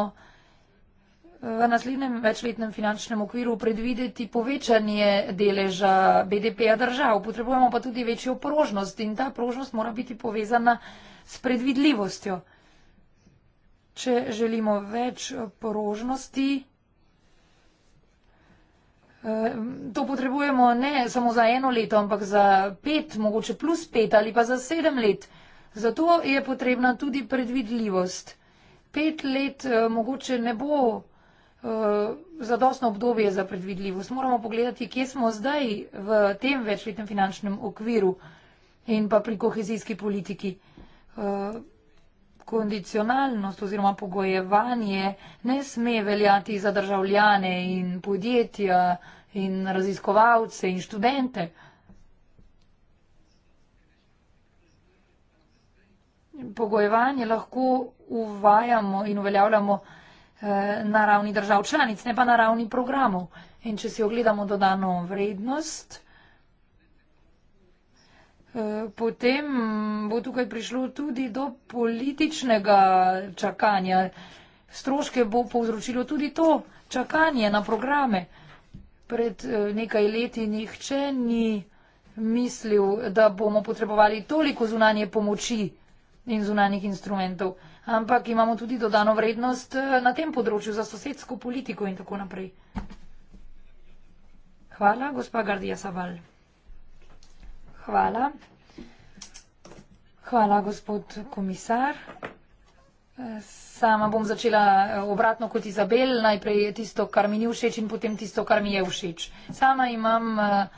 v naslednjem večletnem finančnem okviru predvideti povečanje deleža BDP-ja držav. Potrebujemo pa tudi večjo prožnost in ta prožnost mora biti povezana s predvidljivostjo. Če želimo več prožnosti, ehm, to potrebujemo ne samo za eno leto, ampak za pet, mogoče plus pet ali pa za sedem let. Zato je potrebna tudi predvidljivost. Pet let eh, mogoče ne bo Eh, zadostno obdobje za predvidljivost. Moramo pogledati, kje smo zdaj v tem večletnem finančnem okviru in pa pri kohezijski politiki. Eh, kondicionalnost oziroma pogojevanje ne sme veljati za državljane in podjetja in raziskovalce in študente. Pogojevanje lahko uvajamo in uveljavljamo na ravni držav članic, ne pa na ravni programov. In če si ogledamo dodano vrednost, eh, potem bo tukaj prišlo tudi do političnega čakanja. Stroške bo povzročilo tudi to čakanje na programe. Pred eh, nekaj leti nihče ni mislil, da bomo potrebovali toliko zunanje pomoči in zunanjih instrumentov ampak imamo tudi dodano vrednost eh, na tem področju za sosedsko politiko in tako naprej. Hvala, gospa Gardija Saval. Hvala. Hvala, gospod komisar. Eh, sama bom začela eh, obratno kot Izabel, najprej tisto, kar mi ni všeč in potem tisto, kar mi je všeč. Sama imam uh,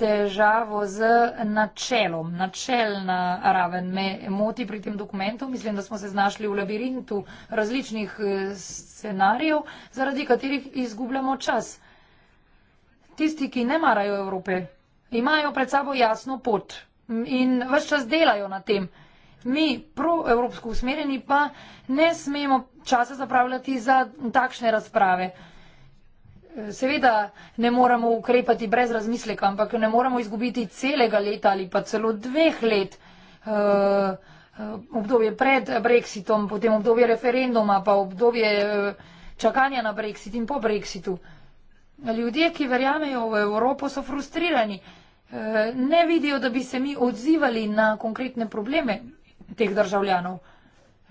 težavo z načelom. Načelna raven me moti pri tem dokumentu. Mislim, da smo se znašli v labirintu različnih eh, scenarijev, zaradi katerih izgubljamo čas. Tisti, ki ne marajo Evrope, imajo pred sabo jasno pot in vse čas delajo na tem. Mi, proevropsko usmerjeni, pa ne smemo časa zapravljati za takšne razprave. Seveda ne moramo ukrepati brez razmisleka, ampak ne moramo izgubiti celega leta ali pa celo dveh let. Eh, eh, obdobje pred Brexitom, potem obdobje referenduma, pa obdobje eh, čakanja na Brexit in po Brexitu. Ljudje, ki verjamejo v Evropo, so frustrirani. Ne vidijo, da bi se mi odzivali na konkretne probleme teh državljanov.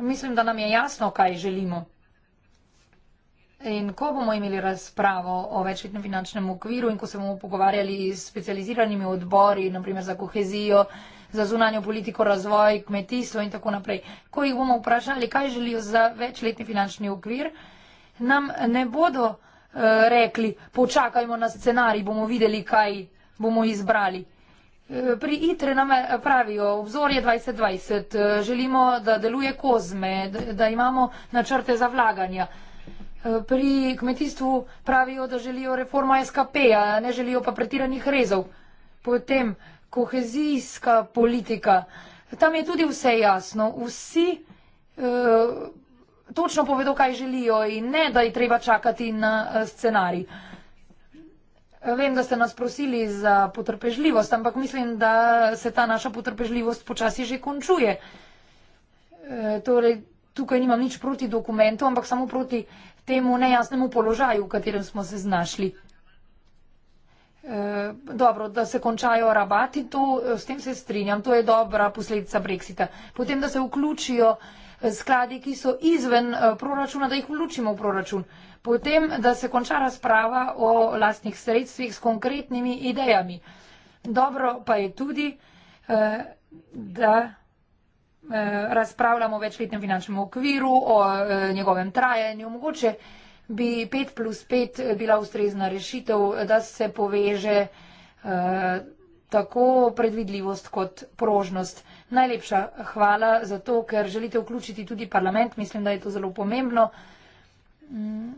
Mislim, da nam je jasno, kaj želimo. In ko bomo imeli razpravo o večletnem finančnem okviru in ko se bomo pogovarjali s specializiranimi odbori, naprimer za kohezijo, za zunanjo politiko, razvoj, kmetijstvo in tako naprej, ko jih bomo vprašali, kaj želijo za večletni finančni okvir, nam ne bodo uh, rekli, počakajmo na scenarij, bomo videli, kaj bomo izbrali. Eh, pri ITRE nam pravijo, obzor je 2020, želimo, da deluje kozme, da imamo načrte za vlaganja pri kmetijstvu pravijo, da želijo reforma SKP-ja, ne želijo pa pretiranih rezov. Potem kohezijska politika. Tam je tudi vse jasno. Vsi eh, točno povedo, kaj želijo in ne, da je treba čakati na eh, scenarij. Vem, da ste nas prosili za potrpežljivost, ampak mislim, da se ta naša potrpežljivost počasi že končuje. E, torej, tukaj nimam nič proti dokumentu, ampak samo proti temu nejasnemu položaju, v katerem smo se znašli. E, dobro, da se končajo rabati, to, e, s tem se strinjam, to je dobra posledica Brexita. Potem, da se vključijo e, skladi, ki so izven proračuna, da jih vključimo v proračun. Potem, da se konča razprava o lastnih sredstvih s konkretnimi idejami. Dobro pa je tudi, da. Eh, razpravljamo o večletnem finančnem okviru, o eh, njegovem trajanju. Mogoče bi 5 plus 5 bila ustrezna rešitev, da se poveže eh, tako predvidljivost kot prožnost. Najlepša hvala za to, ker želite vključiti tudi parlament. Mislim, da je to zelo pomembno. Mm,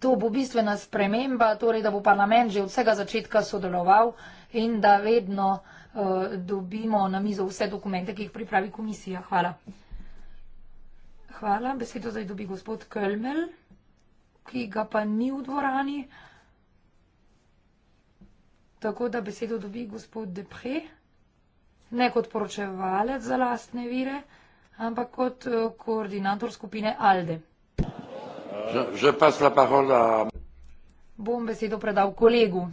to bo bistvena sprememba, torej da bo parlament že od vsega začetka sodeloval in da vedno uh, Eh, dobimo na mizo vse dokumente, ki jih pripravi komisija. Hvala. Hvala. Besedo zdaj dobi gospod Kölmel, ki ga pa ni v dvorani. Tako da besedo dobi gospod Depre, ne kot poročevalec za lastne vire, ampak kot eh, koordinator skupine ALDE. Je, je la bom besedo predal kolegu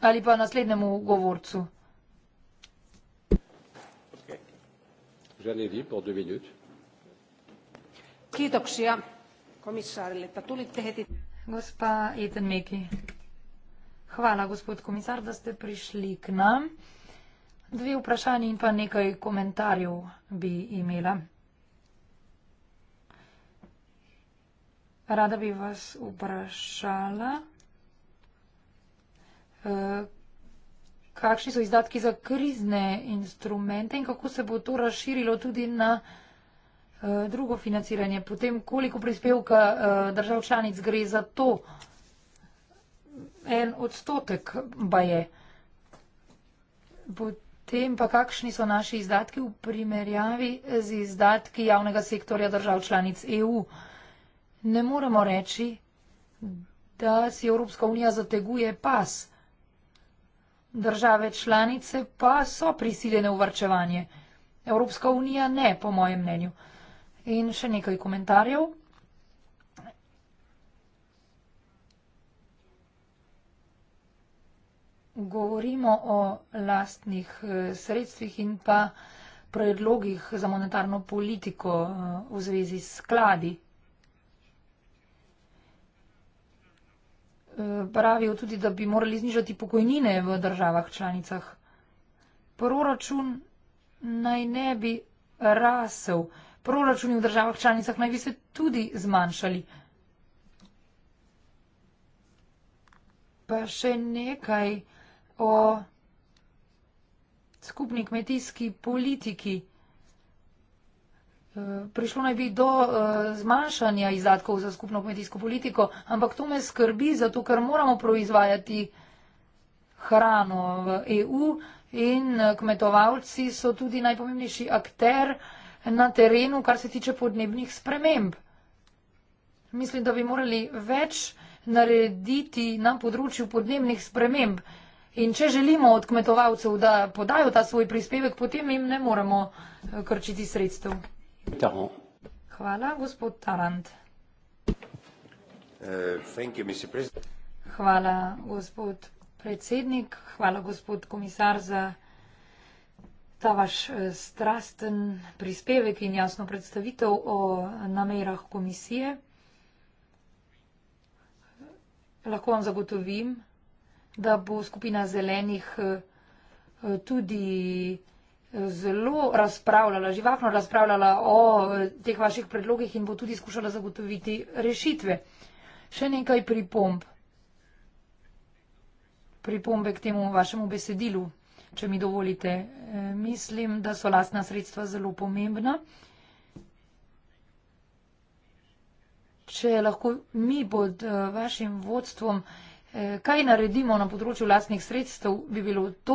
ali pa naslednjemu govorcu. Kitoksia, komisar, lepa tulite heti. Gospa Etenmeki, hvala, gospod komisar, da ste prišli k nam. Dve vprašanje in pa nekaj komentarjev bi imela. Rada bi vas vprašala, Eh, kakšni so izdatki za krizne instrumente in kako se bo to razširilo tudi na eh, drugo financiranje. Potem, koliko prispevka eh, držav članic gre za to? En odstotek ba je. Potem pa kakšni so naši izdatki v primerjavi z izdatki javnega sektorja držav članic EU. Ne moremo reči, da si Evropska unija zateguje pas, Države članice pa so prisiljene v varčevanje. Evropska unija ne, po mojem mnenju. In še nekaj komentarjev. Govorimo o lastnih eh, sredstvih in pa predlogih za monetarno politiko eh, v zvezi s skladi. pravijo tudi, da bi morali znižati pokojnine v državah članicah. Proračun naj ne bi rasel. Proračuni v državah članicah naj bi se tudi zmanjšali. Pa še nekaj o skupni kmetijski politiki. Eh, prišlo naj bi do eh, zmanjšanja izdatkov za skupno kmetijsko politiko, ampak to me skrbi, zato ker moramo proizvajati hrano v EU in eh, kmetovalci so tudi najpomembnejši akter na terenu, kar se tiče podnebnih sprememb. Mislim, da bi morali več narediti na področju podnebnih sprememb. In če želimo od kmetovalcev, da podajo ta svoj prispevek, potem jim ne moremo krčiti sredstev. Hvala, gospod Tarant. Uh, hvala, gospod predsednik, hvala, gospod komisar, za ta vaš eh, strasten prispevek in jasno predstavitev o namerah komisije. Lahko vam zagotovim, da bo skupina zelenih eh, tudi zelo razpravljala, živahno razpravljala o teh vaših predlogih in bo tudi skušala zagotoviti rešitve. Še nekaj pripomb. Pripombe k temu vašemu besedilu, če mi dovolite. E, mislim, da so lastna sredstva zelo pomembna. Če lahko mi pod e, vašim vodstvom Eh, kaj naredimo na področju lastnih sredstev, bi bilo to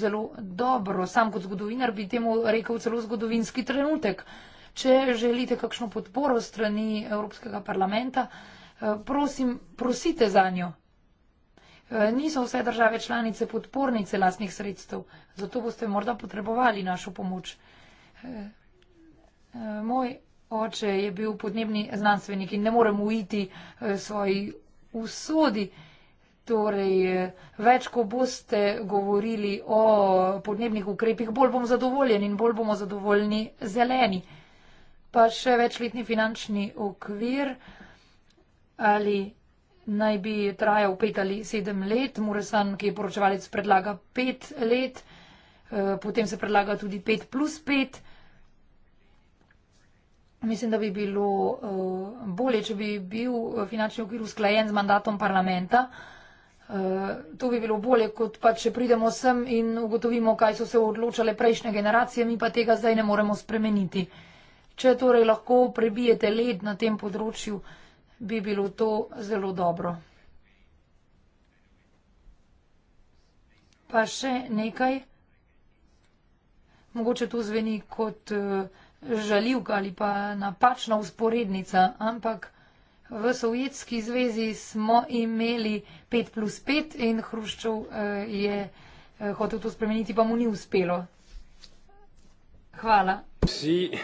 zelo dobro. Sam kot zgodovinar bi temu rekel celo zgodovinski trenutek. Če želite kakšno podporo strani Evropskega parlamenta, eh, prosim, prosite za njo. Eh, niso vse države članice podpornice lastnih sredstev, zato boste morda potrebovali našo pomoč. Moj oče je bil podnebni znanstvenik in ne morem ujiti svoji usodi. Torej, eh, več, ko boste govorili o podnebnih ukrepih, bolj bom zadovoljen in bolj bomo zadovoljni zeleni. Pa še večletni finančni okvir, ali naj bi trajal pet ali sedem let. Muresan, ki je poročevalec, predlaga pet let, eh, potem se predlaga tudi pet plus pet. Mislim, da bi bilo eh, bolje, če bi bil finančni okvir usklajen z mandatom parlamenta. Eh, to bi bilo bolje, kot pa če pridemo sem in ugotovimo, kaj so se odločale prejšnje generacije, mi pa tega zdaj ne moremo spremeniti. Če torej lahko prebijete led na tem področju, bi bilo to zelo dobro. Pa še nekaj. Mogoče to zveni kot eh, žaljivka ali pa napačna usporednica, ampak V Sovjetski zvezi smo imeli 5 plus 5 in Hruščov eh, je eh, hotel to spremeniti, pa mu ni uspelo. Hvala. Si,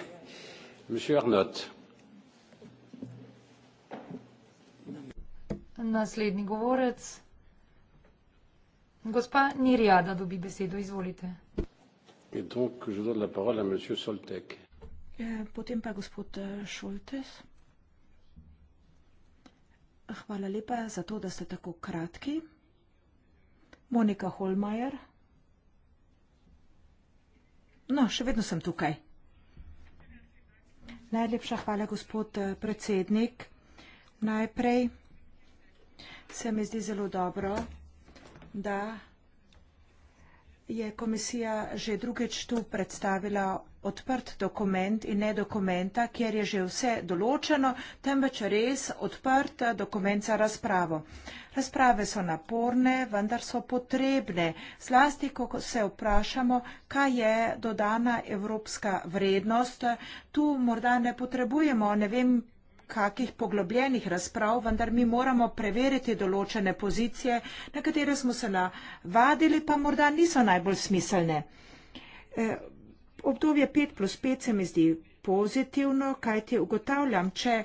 Naslednji govorec. Gospa Nirjada dobi besedo, izvolite. Donc, je la à Soltek. Eh, potem pa gospod Šoltes. Uh, Hvala lepa za to, da ste tako kratki. Monika Holmajer. No, še vedno sem tukaj. Najlepša hvala, gospod eh, predsednik. Najprej se mi zdi zelo dobro, da je komisija že drugič tu predstavila odprt dokument in ne dokumenta, kjer je že vse določeno, temveč res odprt dokument za razpravo. Razprave so naporne, vendar so potrebne. Zlasti, ko se vprašamo, kaj je dodana evropska vrednost, tu morda ne potrebujemo, ne vem, kakih poglobljenih razprav, vendar mi moramo preveriti določene pozicije, na katere smo se navadili, pa morda niso najbolj smiselne. E, obdobje 5 plus 5 se mi zdi pozitivno, kaj ti ugotavljam, če e,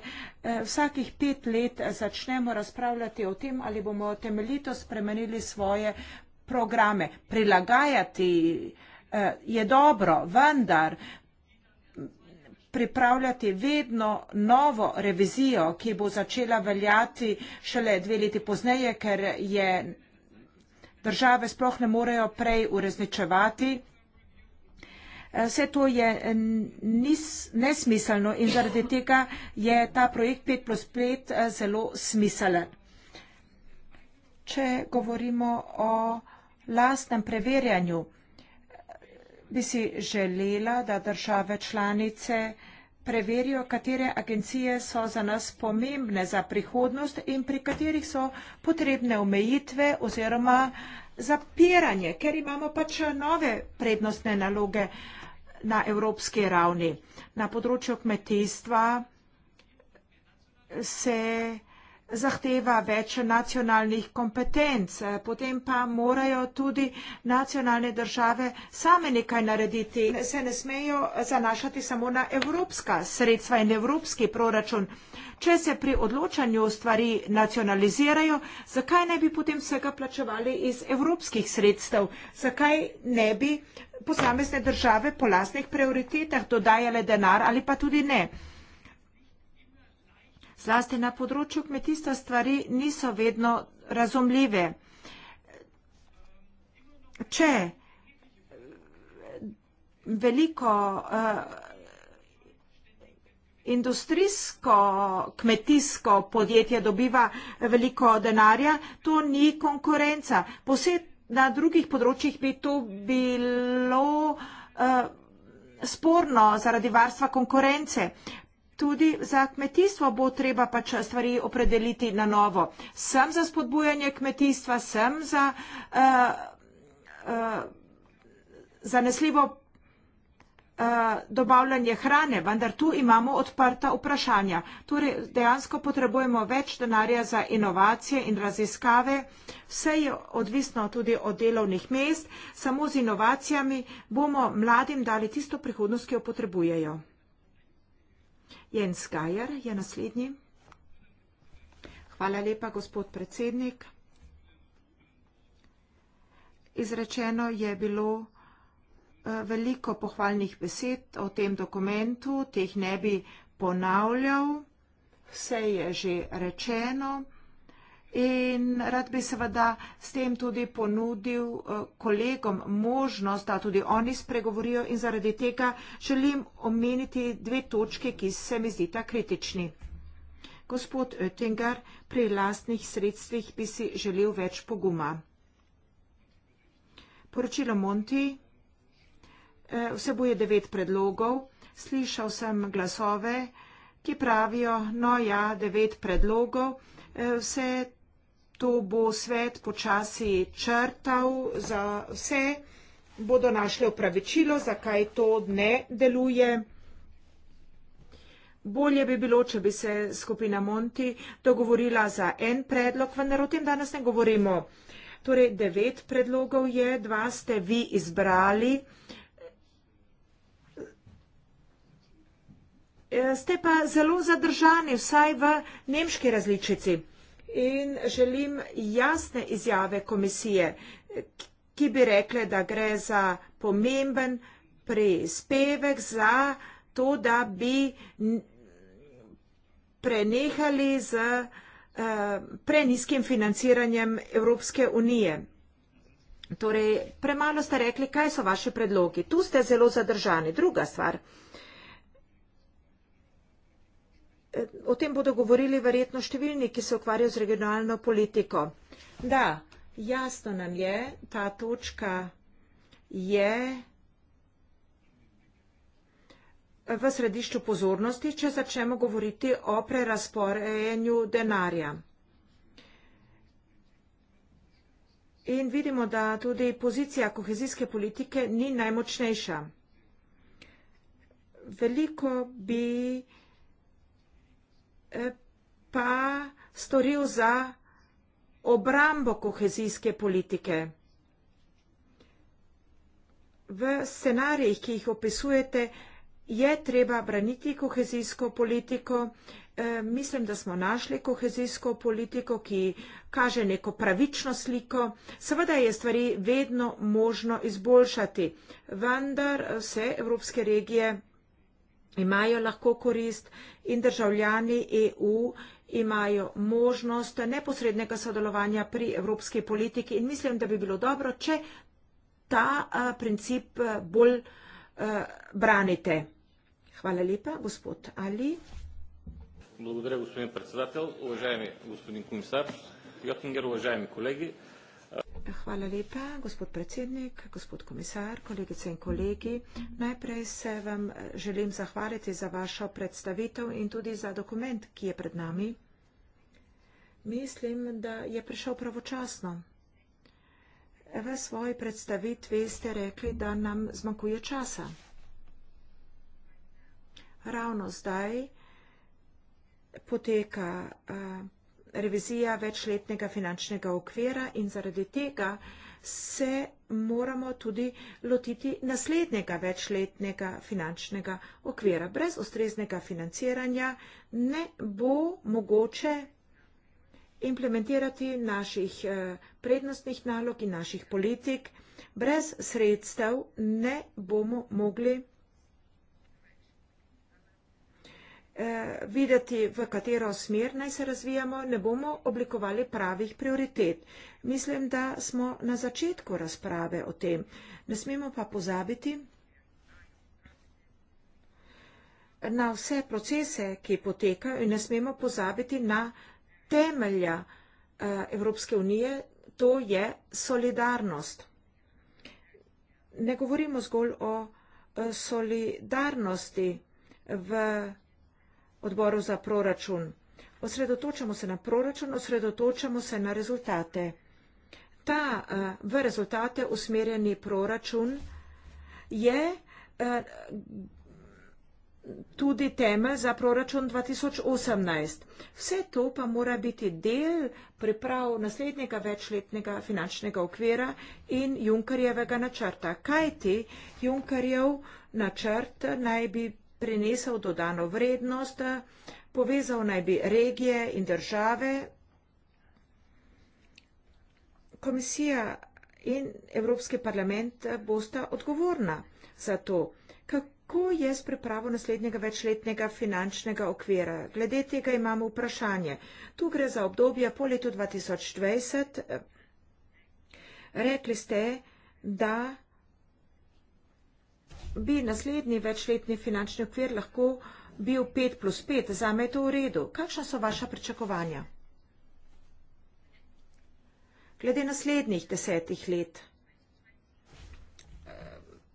vsakih pet let začnemo razpravljati o tem, ali bomo temeljito spremenili svoje programe. Prilagajati e, je dobro, vendar pripravljati vedno novo revizijo, ki bo začela veljati šele dve leti pozneje, ker je države sploh ne morejo prej uresničevati. Eh, vse to je eh, nis, nesmiselno in zaradi tega je ta projekt 5 plus 5 eh, zelo smiselen. Če govorimo o lastnem preverjanju, bi si želela, da države članice eh, preverijo, katere agencije so za nas pomembne za prihodnost in pri katerih so potrebne omejitve oziroma zapiranje, ker imamo pač nove prednostne naloge na evropski ravni. Na področju kmetijstva se zahteva več nacionalnih kompetenc, eh, potem pa morajo tudi nacionalne države same nekaj narediti. Se ne smejo zanašati samo na evropska sredstva in evropski proračun. Če se pri odločanju stvari nacionalizirajo, zakaj ne bi potem vsega plačevali iz evropskih sredstev? Zakaj ne bi posamezne države po lastnih prioritetah dodajale denar ali pa tudi ne? zlasti na področju kmetijstva stvari niso vedno razumljive. Če veliko uh, industrijsko kmetijsko podjetje dobiva veliko denarja, to ni konkurenca. Posed na drugih področjih bi to bilo uh, sporno zaradi varstva konkurence tudi za kmetijstvo bo treba pač stvari opredeliti na novo. Sem za spodbujanje kmetijstva, sem za uh, uh, zanesljivo uh, dobavljanje hrane, vendar tu imamo odprta vprašanja. Torej dejansko potrebujemo več denarja za inovacije in raziskave. Vse je odvisno tudi od delovnih mest. Samo z inovacijami bomo mladim dali tisto prihodnost, ki jo potrebujejo. Jens Gajer je naslednji. Hvala lepa, gospod predsednik. Izrečeno je bilo eh, veliko pohvalnih besed o tem dokumentu, teh ne bi ponavljal, vse je že rečeno. In rad bi seveda s tem tudi ponudil eh, kolegom možnost, da tudi oni spregovorijo in zaradi tega želim omeniti dve točke, ki se mi zdita kritični. Gospod Oettinger, pri lastnih sredstvih bi si želel več poguma. Poročilo Monti eh, vse boje devet predlogov. Slišal sem glasove, ki pravijo, no ja, devet predlogov, eh, vse to bo svet počasi črtal za vse, bodo našli opravičilo, zakaj to ne deluje. Bolje bi bilo, če bi se skupina Monti dogovorila za en predlog, vendar o tem danes ne govorimo. Torej, devet predlogov je, dva ste vi izbrali. Ste pa zelo zadržani, vsaj v nemški različici in želim jasne izjave komisije, ki bi rekle, da gre za pomemben prispevek za to, da bi prenehali z eh, preniskim financiranjem Evropske unije. Torej, premalo ste rekli, kaj so vaše predlogi. Tu ste zelo zadržani. Druga stvar o tem bodo govorili verjetno številni, ki se ukvarjajo z regionalno politiko. Da, jasno nam je, ta točka je v središču pozornosti, če začnemo govoriti o prerasporejenju denarja. In vidimo, da tudi pozicija kohezijske politike ni najmočnejša. Veliko bi Eh, pa storil za obrambo kohezijske politike. V scenarijih, ki jih opisujete, je treba braniti kohezijsko politiko. E, mislim, da smo našli kohezijsko politiko, ki kaže neko pravično sliko. Seveda je stvari vedno možno izboljšati, vendar vse evropske regije imajo lahko korist in državljani EU imajo možnost neposrednega sodelovanja pri evropski politiki in mislim, da bi bilo dobro, če ta princip bolj branite. Hvala lepa, gospod Ali. Благодаря, господин председател. Уважаеми господин комисар Йотингер, уважаеми колеги. Hvala lepa, gospod predsednik, gospod komisar, kolegice in kolegi. Najprej se vam eh, želim zahvaliti za vašo predstavitev in tudi za dokument, ki je pred nami. Mislim, da je prišel pravočasno. V svoji predstavitvi ste rekli, da nam zmanjkuje časa. Ravno zdaj poteka. Uh, revizija večletnega finančnega okvira in zaradi tega se moramo tudi lotiti naslednjega večletnega finančnega okvira. Brez ustreznega financiranja ne bo mogoče implementirati naših eh, prednostnih nalog in naših politik. Brez sredstev ne bomo mogli implementirati eh, videti, v katero smer naj se razvijamo, ne bomo oblikovali pravih prioritet. Mislim, da smo na začetku razprave o tem. Ne smemo pa pozabiti na vse procese, ki potekajo in ne smemo pozabiti na temelja eh, Evropske unije, to je solidarnost. Ne govorimo zgolj o eh, solidarnosti v odboru za proračun. Osredotočamo se na proračun, osredotočamo se na rezultate. Ta eh, v rezultate usmerjeni proračun je eh, tudi tema za proračun 2018. Vse to pa mora biti del priprav naslednjega večletnega finančnega okvira in Junkerjevega načrta. Kaj ti Junkerjev načrt naj bi prinesel dodano vrednost, povezal naj bi regije in države. Komisija in Evropski parlament bosta odgovorna za to, kako je s pripravo naslednjega večletnega finančnega okvira. Glede tega imamo vprašanje. Tu gre za obdobje po letu 2020. Rekli ste, da bi naslednji večletni finančni okvir lahko bil 5 plus 5, zame je to v redu. Kakšna so vaša pričakovanja? Glede naslednjih desetih let,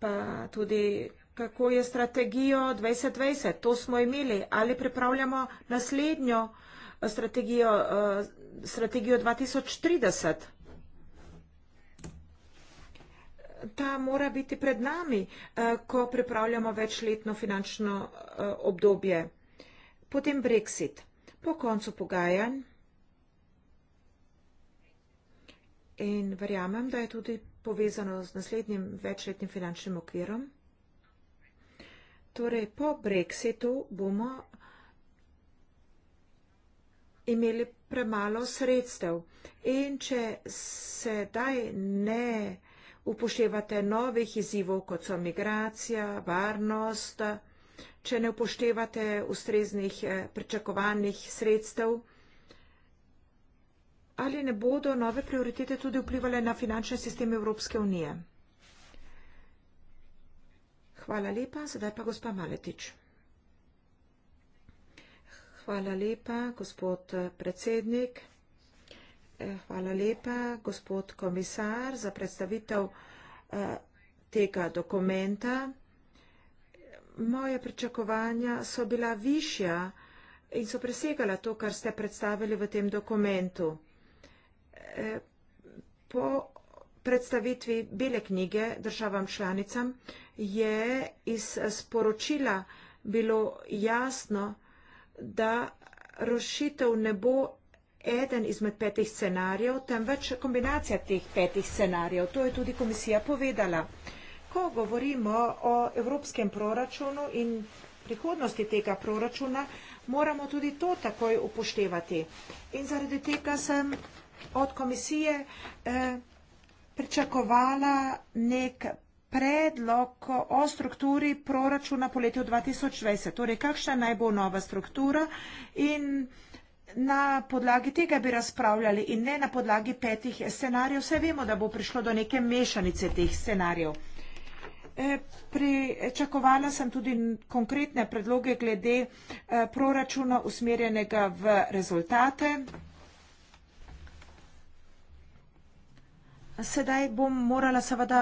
pa tudi kako je strategijo 2020, to smo imeli, ali pripravljamo naslednjo eh, strategijo, eh, strategijo 2030. ta mora biti pred nami, eh, ko pripravljamo večletno finančno eh, obdobje. Potem Brexit. Po koncu pogajanj in verjamem, da je tudi povezano z naslednjim večletnim finančnim okvirom. Torej, po Brexitu bomo imeli premalo sredstev in če sedaj ne vsega, upoštevate novih izzivov, kot so migracija, varnost, če ne upoštevate ustreznih eh, pričakovanih sredstev, ali ne bodo nove prioritete tudi vplivali na finančne sisteme Evropske unije? Hvala lepa, sedaj pa gospa Maletič. Hvala lepa, gospod eh, predsednik. Eh, hvala lepa, gospod komisar, za predstavitev eh, tega dokumenta. Moje pričakovanja so bila višja in so presegala to, kar ste predstavili v tem dokumentu. Eh, po predstavitvi bele knjige državam članicam je iz sporočila bilo jasno, da rošitev ne bo eden izmed petih scenarijev, temveč kombinacija teh petih scenarijev. To je tudi komisija povedala. Ko govorimo o evropskem proračunu in prihodnosti tega proračuna, moramo tudi to takoj upoštevati. In zaradi tega sem od komisije eh, pričakovala nek predlog o strukturi proračuna po letu 2020. Torej, kakšna naj bo nova struktura in na podlagi tega bi razpravljali in ne na podlagi petih scenarijev. Vse vemo, da bo prišlo do neke mešanice teh scenarijev. E, pričakovala sem tudi konkretne predloge glede e, proračuna usmerjenega v rezultate. Sedaj bom morala seveda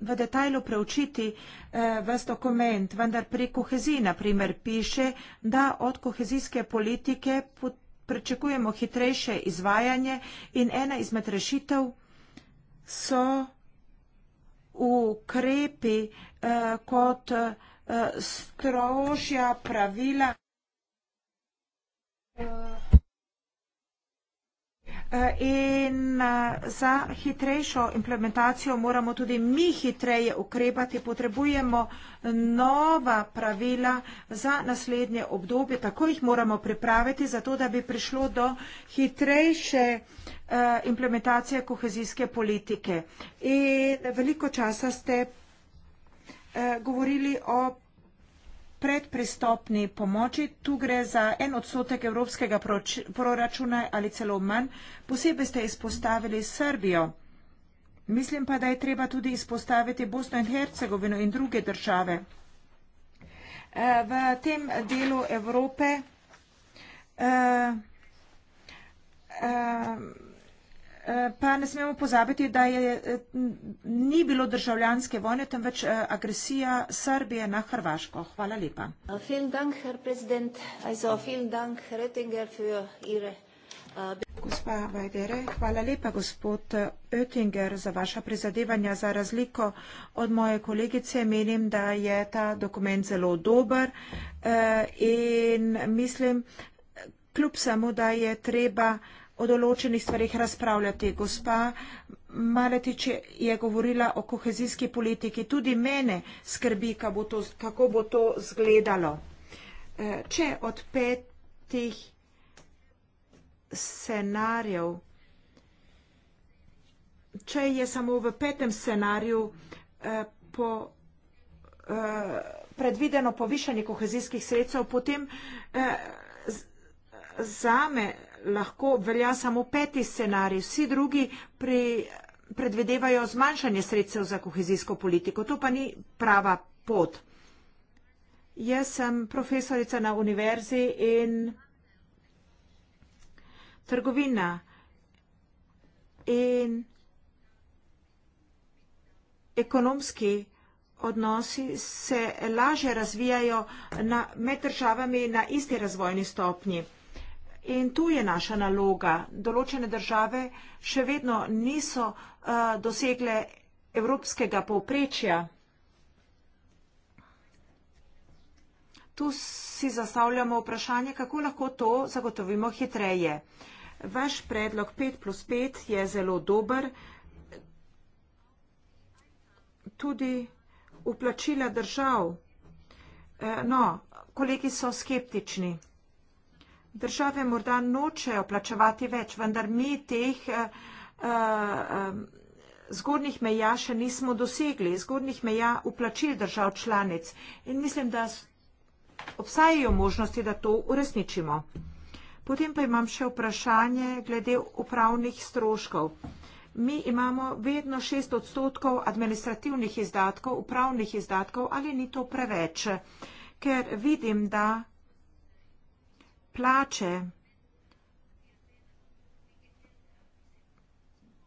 v detajlu preučiti e, ves dokument, vendar pri koheziji naprimer piše, da od kohezijske politike potrebujemo pričakujemo hitrejše izvajanje in ena izmed rešitev so ukrepi eh, kot eh, strožja pravila. Eh, Eh, in eh, za hitrejšo implementacijo moramo tudi mi hitreje ukrepati. Potrebujemo nova pravila za naslednje obdobje, tako jih moramo pripraviti, zato da bi prišlo do hitrejše eh, implementacije kohezijske politike. In veliko časa ste govorili o predprestopni pomoči. Tu gre za en odstotek evropskega proračuna ali celo manj. Posebej ste izpostavili Srbijo. Mislim pa, da je treba tudi izpostaviti Bosno in Hercegovino in druge države. Eh, v tem delu Evrope. Uh, uh, Eh, pa ne smemo pozabiti, da je, eh, ni bilo državljanske vojne, temveč eh, agresija Srbije na Hrvaško. Hvala lepa. Gospa Bajdere, hvala lepa, gospod Oettinger, za vaša prizadevanja. Za razliko od moje kolegice menim, da je ta dokument zelo dober in mislim, kljub samo, da je treba o določenih stvarih razpravljati. Gospa Maletič je govorila o kohezijski politiki. Tudi mene skrbi, kako bo to zgledalo. E, če od petih scenarijev, če je samo v petem scenariju e, po e, predvideno povišanje kohezijskih sredstev, potem zame lahko velja samo peti scenarij, vsi drugi pri, predvedevajo zmanjšanje sredstev za kohezijsko politiko. To pa ni prava pot. Jaz sem profesorica na univerzi in trgovina. In ekonomski odnosi se lažje razvijajo na, med državami na isti razvojni stopnji. In tu je naša naloga. Določene države še vedno niso uh, dosegle evropskega povprečja. Tu si zastavljamo vprašanje, kako lahko to zagotovimo hitreje. Vaš predlog 5 plus 5 je zelo dober. Tudi uplačila držav. Eh, no, kolegi so skeptični države morda nočejo plačevati več, vendar mi teh eh, eh, zgornjih meja še nismo dosegli, zgornjih meja uplačil držav članic in mislim, da obsajajo možnosti, da to uresničimo. Potem pa imam še vprašanje glede upravnih stroškov. Mi imamo vedno šest odstotkov administrativnih izdatkov, upravnih izdatkov, ali ni to preveč? Ker vidim, da plače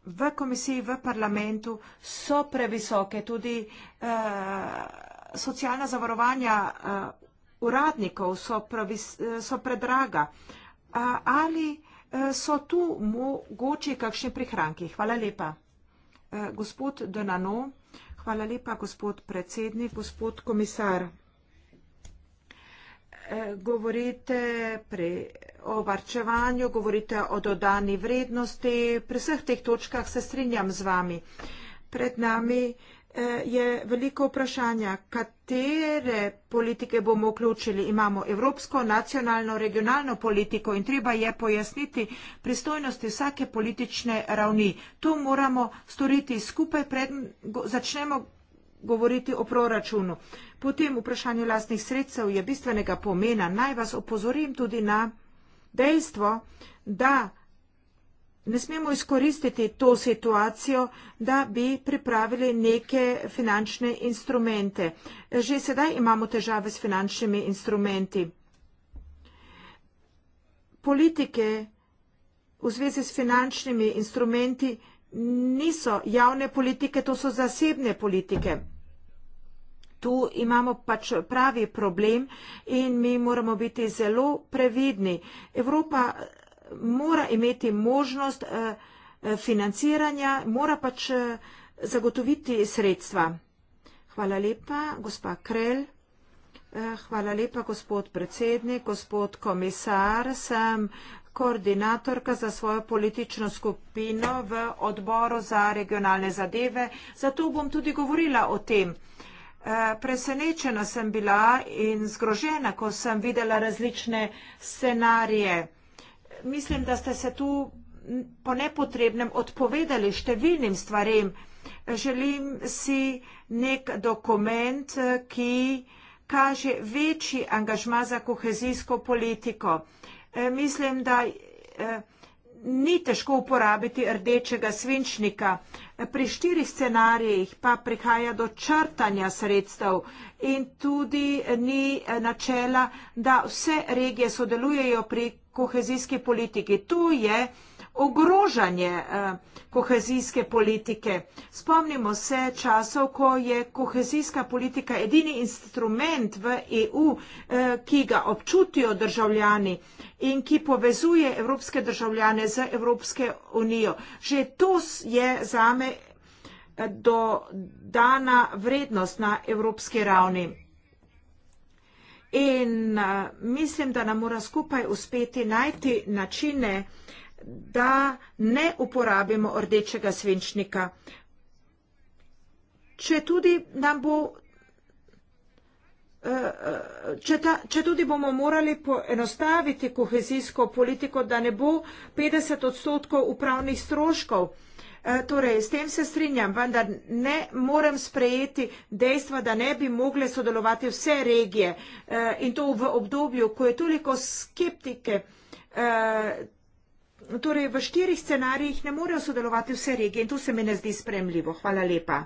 v komisiji, v parlamentu so previsoke, tudi uh, socialna zavarovanja uh, uradnikov so, previs, eh, so predraga. Uh, ali uh, so tu mogoče kakšni prihranki? Hvala lepa. Uh, gospod Denano, hvala lepa, gospod predsednik, gospod komisar. Eh, govorite pri, o varčevanju, govorite o dodani vrednosti. Pri vseh teh točkah se strinjam z vami. Pred nami eh, je veliko vprašanja, katere politike bomo vključili. Imamo evropsko, nacionalno, regionalno politiko in treba je pojasniti pristojnosti vsake politične ravni. To moramo storiti skupaj, pred, go, začnemo govoriti o proračunu. Potem vprašanje lastnih sredstev je bistvenega pomena. Naj vas opozorim tudi na dejstvo, da ne smemo izkoristiti to situacijo, da bi pripravili neke finančne instrumente. Že sedaj imamo težave s finančnimi instrumenti. Politike v zvezi s finančnimi instrumenti niso javne politike, to so zasebne politike tu imamo pač pravi problem in mi moramo biti zelo previdni. Evropa mora imeti možnost eh, eh, financiranja, mora pač eh, zagotoviti sredstva. Hvala lepa, gospa Krel. Hvala lepa, gospod predsednik, gospod komisar. Sem koordinatorka za svojo politično skupino v odboru za regionalne zadeve. Zato bom tudi govorila o tem. Eh, presenečena sem bila in zgrožena, ko sem videla različne scenarije. Mislim, da ste se tu po nepotrebnem odpovedali številnim stvarem. Želim si nek dokument, eh, ki kaže večji angažma za kohezijsko politiko. Eh, mislim, da ni težko uporabiti rdečega svinčnika. Pri štirih scenarijih pa prihaja do črtanja sredstev in tudi ni eh, načela, da vse regije sodelujejo pri kohezijski politiki. Tu je ogrožanje eh, kohezijske politike. Spomnimo se časov, ko je kohezijska politika edini instrument v EU, eh, ki ga občutijo državljani in ki povezuje evropske državljane z Evropske unijo. Že to je zame eh, dodana vrednost na evropski ravni. In mislim, da nam mora skupaj uspeti najti načine, da ne uporabimo rdečega svinčnika. Če tudi, bo, eh, eh, če, ta, če tudi bomo morali poenostaviti kohezijsko politiko, da ne bo 50 odstotkov upravnih stroškov, eh, torej s tem se strinjam, vendar ne morem sprejeti dejstva, da ne bi mogle sodelovati vse regije in to v obdobju, ko je toliko skeptike Torej, v štirih scenarijih ne morejo sodelovati vse regije in to se mi ne zdi spremljivo. Hvala lepa.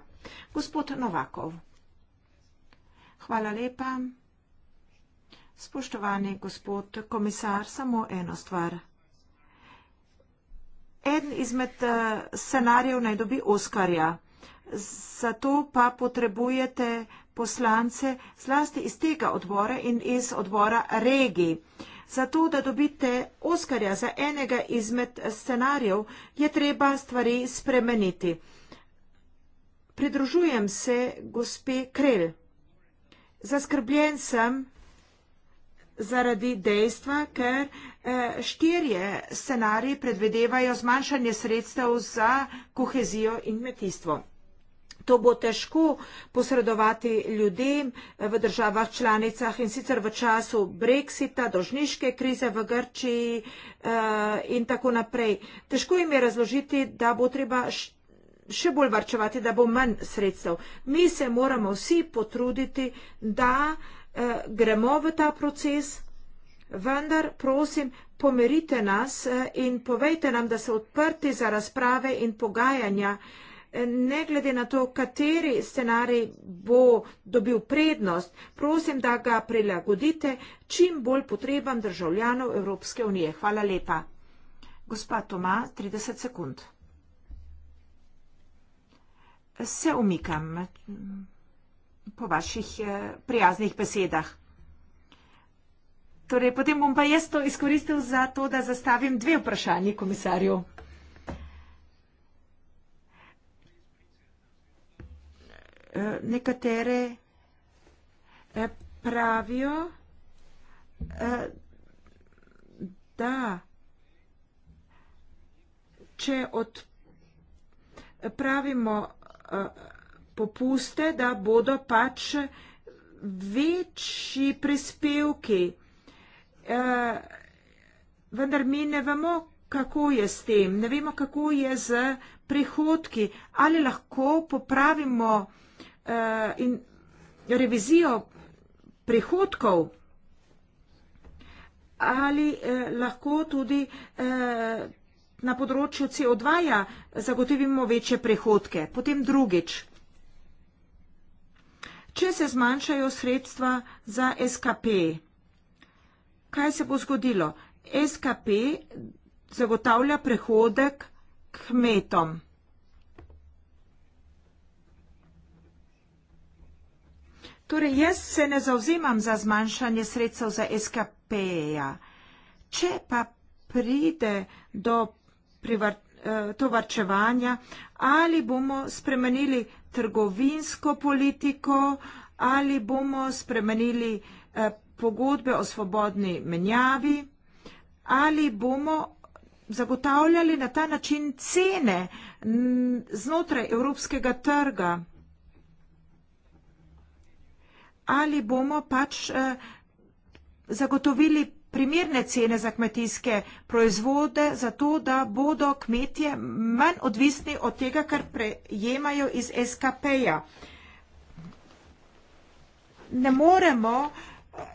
Gospod Novakov. Hvala lepa. Spoštovani gospod komisar, samo eno stvar. En izmed eh, scenarijev naj dobi Oskarja. Zato pa potrebujete poslance zlasti iz tega odbora in iz odbora regij za to, da dobite Oskarja za enega izmed scenarijev, je treba stvari spremeniti. Pridružujem se gospe Krel. Zaskrbljen sem zaradi dejstva, ker eh, štirje scenariji predvedevajo zmanjšanje sredstev za kohezijo in metistvo to bo težko posredovati ljudem eh, v državah članicah in sicer v času Brexita, dožniške krize v Grčiji eh, in tako naprej. Težko jim je razložiti, da bo treba še bolj varčevati, da bo manj sredstev. Mi se moramo vsi potruditi, da eh, gremo v ta proces, vendar prosim, pomerite nas in povejte nam, da so odprti za razprave in pogajanja ne glede na to, kateri scenarij bo dobil prednost, prosim, da ga prilagodite čim bolj potrebam državljanov Evropske unije. Hvala lepa. Gospa Toma, 30 sekund. Se umikam mm, po vaših eh, prijaznih besedah. Torej, potem bom pa jaz to izkoristil za to, da zastavim dve vprašanje komisarju. Eh, nekatere eh, pravijo, eh, da če odpravimo popuste, da bodo pač večji prispevki. Vendar mi ne vemo, kako je s tem, ne vemo, kako je z prihodki. Ali lahko popravimo uh, uh, in revizijo prihodkov ali uh, lahko tudi uh, na področju CO2-ja zagotovimo večje prihodke. Potem drugič. Če se zmanjšajo sredstva za SKP, kaj se bo zgodilo? SKP zagotavlja prihodek kmetom. Torej, jaz se ne zauzemam za zmanjšanje sredstev za SKP-ja. Če pa pride do privar, tovarčevanja, eh, ali bomo spremenili trgovinsko politiko, ali bomo spremenili eh, pogodbe o svobodni menjavi, ali bomo zagotavljali na ta način cene znotraj evropskega trga ali bomo pač eh, zagotovili primerne cene za kmetijske proizvode, zato da bodo kmetje manj odvisni od tega, kar prejemajo iz SKP-ja. Ne moremo eh,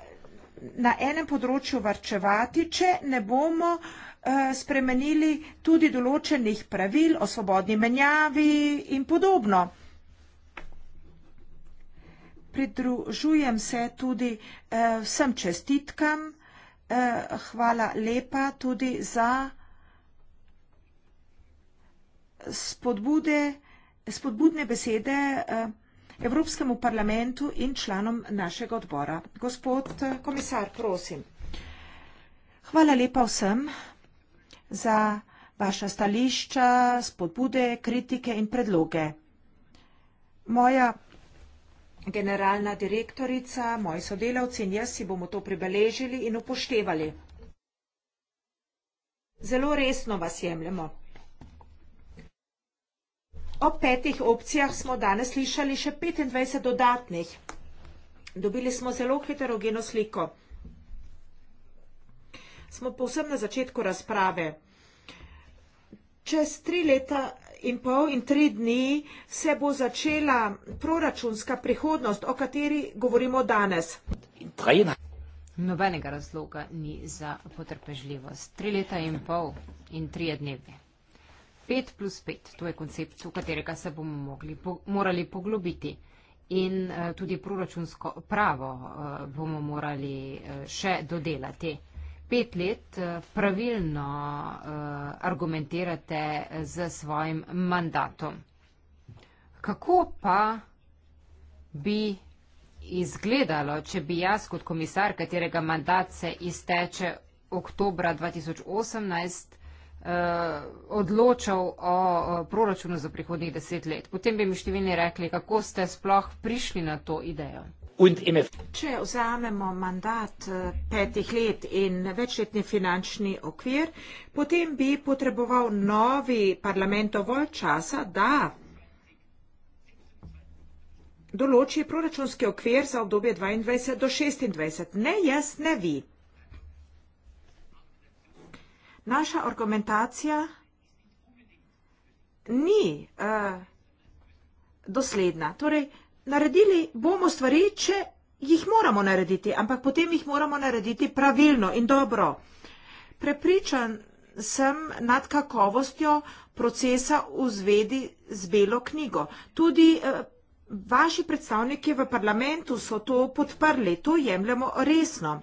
na enem področju varčevati, če ne bomo eh, spremenili tudi določenih pravil o svobodni menjavi in podobno pridružujem se tudi eh, vsem čestitkam. Eh, hvala lepa tudi za spodbude, spodbudne besede eh, Evropskemu parlamentu in članom našega odbora. Gospod eh, komisar, prosim. Hvala lepa vsem za vaša stališča, spodbude, kritike in predloge. Moja generalna direktorica, moji sodelavci in jaz si bomo to pribeležili in upoštevali. Zelo resno vas jemljemo. Ob petih opcijah smo danes slišali še 25 dodatnih. Dobili smo zelo heterogeno sliko. Smo povsem na začetku razprave. Čez tri leta in pol in tri dni se bo začela proračunska prihodnost, o kateri govorimo danes. Nobenega razloga ni za potrpežljivost. Tri leta in pol in tri dnevi. Pet plus pet, to je koncept, v katerega se bomo mogli, po, morali poglobiti. In uh, tudi proračunsko pravo uh, bomo morali uh, še dodelati pet let eh, pravilno eh, argumentirate z svojim mandatom. Kako pa bi izgledalo, če bi jaz kot komisar, katerega mandat se izteče oktobra 2018, eh, odločal o proračunu za prihodnih deset let. Potem bi mi številni rekli, kako ste sploh prišli na to idejo če vzamemo mandat eh, petih let in večletni finančni okvir, potem bi potreboval novi parlament dovolj časa, da določi proračunski okvir za obdobje 22 do 26. Ne jaz, ne vi. Naša argumentacija ni uh, dosledna. Torej, naredili bomo stvari, če jih moramo narediti, ampak potem jih moramo narediti pravilno in dobro. Prepričan sem nad kakovostjo procesa v zvedi z belo knjigo. Tudi eh, vaši predstavniki v parlamentu so to podprli, to jemljemo resno.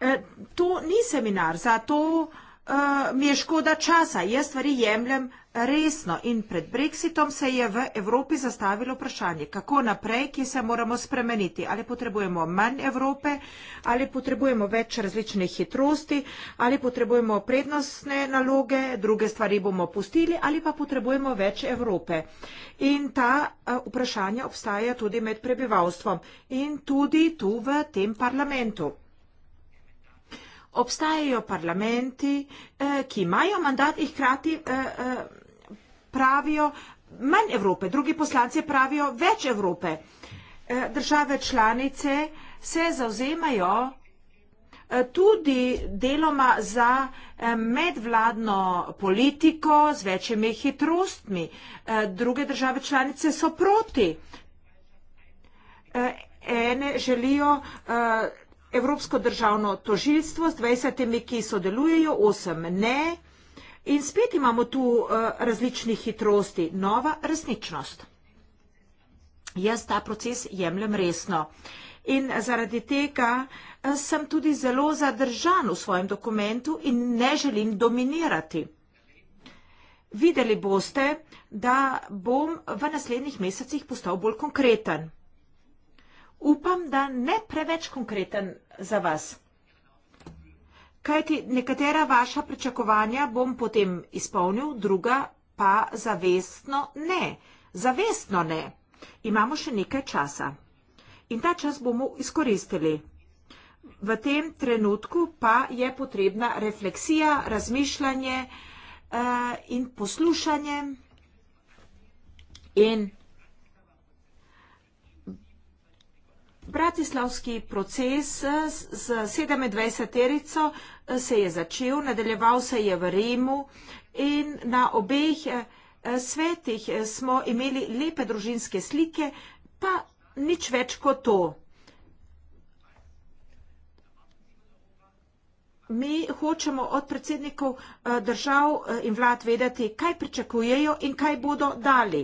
Eh, to ni seminar, zato uh, eh, mi je škoda časa. Jaz stvari jemljem resno in pred brexitom se je v Evropi zastavilo vprašanje, kako naprej, ki se moramo spremeniti. Ali potrebujemo manj Evrope, ali potrebujemo več različnih hitrosti, ali potrebujemo prednostne naloge, druge stvari bomo pustili, ali pa potrebujemo več Evrope. In ta eh, vprašanja obstaja tudi med prebivalstvom in tudi tu v tem parlamentu. Obstajajo parlamenti, eh, ki imajo mandat in hkrati eh, pravijo manj Evrope, drugi poslanci pravijo več Evrope. E, države članice se zauzemajo e, tudi deloma za e, medvladno politiko z večjimi hitrostmi. Druge države članice so proti. Ene želijo Evropsko državno tožilstvo s 20, ki sodelujejo, 8 ne. In spet imamo tu uh, eh, različni hitrosti, nova resničnost. Jaz ta proces jemljem resno. In zaradi tega eh, sem tudi zelo zadržan v svojem dokumentu in ne želim dominirati. Videli boste, da bom v naslednjih mesecih postal bolj konkreten. Upam, da ne preveč konkreten za vas. Kajti nekatera vaša pričakovanja bom potem izpolnil, druga pa zavestno ne. Zavestno ne. Imamo še nekaj časa. In ta čas bomo izkoristili. V tem trenutku pa je potrebna refleksija, razmišljanje uh, in poslušanje. In Bratislavski proces z 27. terico eh, se je začel, nadaljeval se je v Rimu in na obeh eh, svetih eh, smo imeli lepe družinske slike, pa nič več kot to. Mi hočemo od predsednikov držav in vlad vedeti, kaj pričakujejo in kaj bodo dali.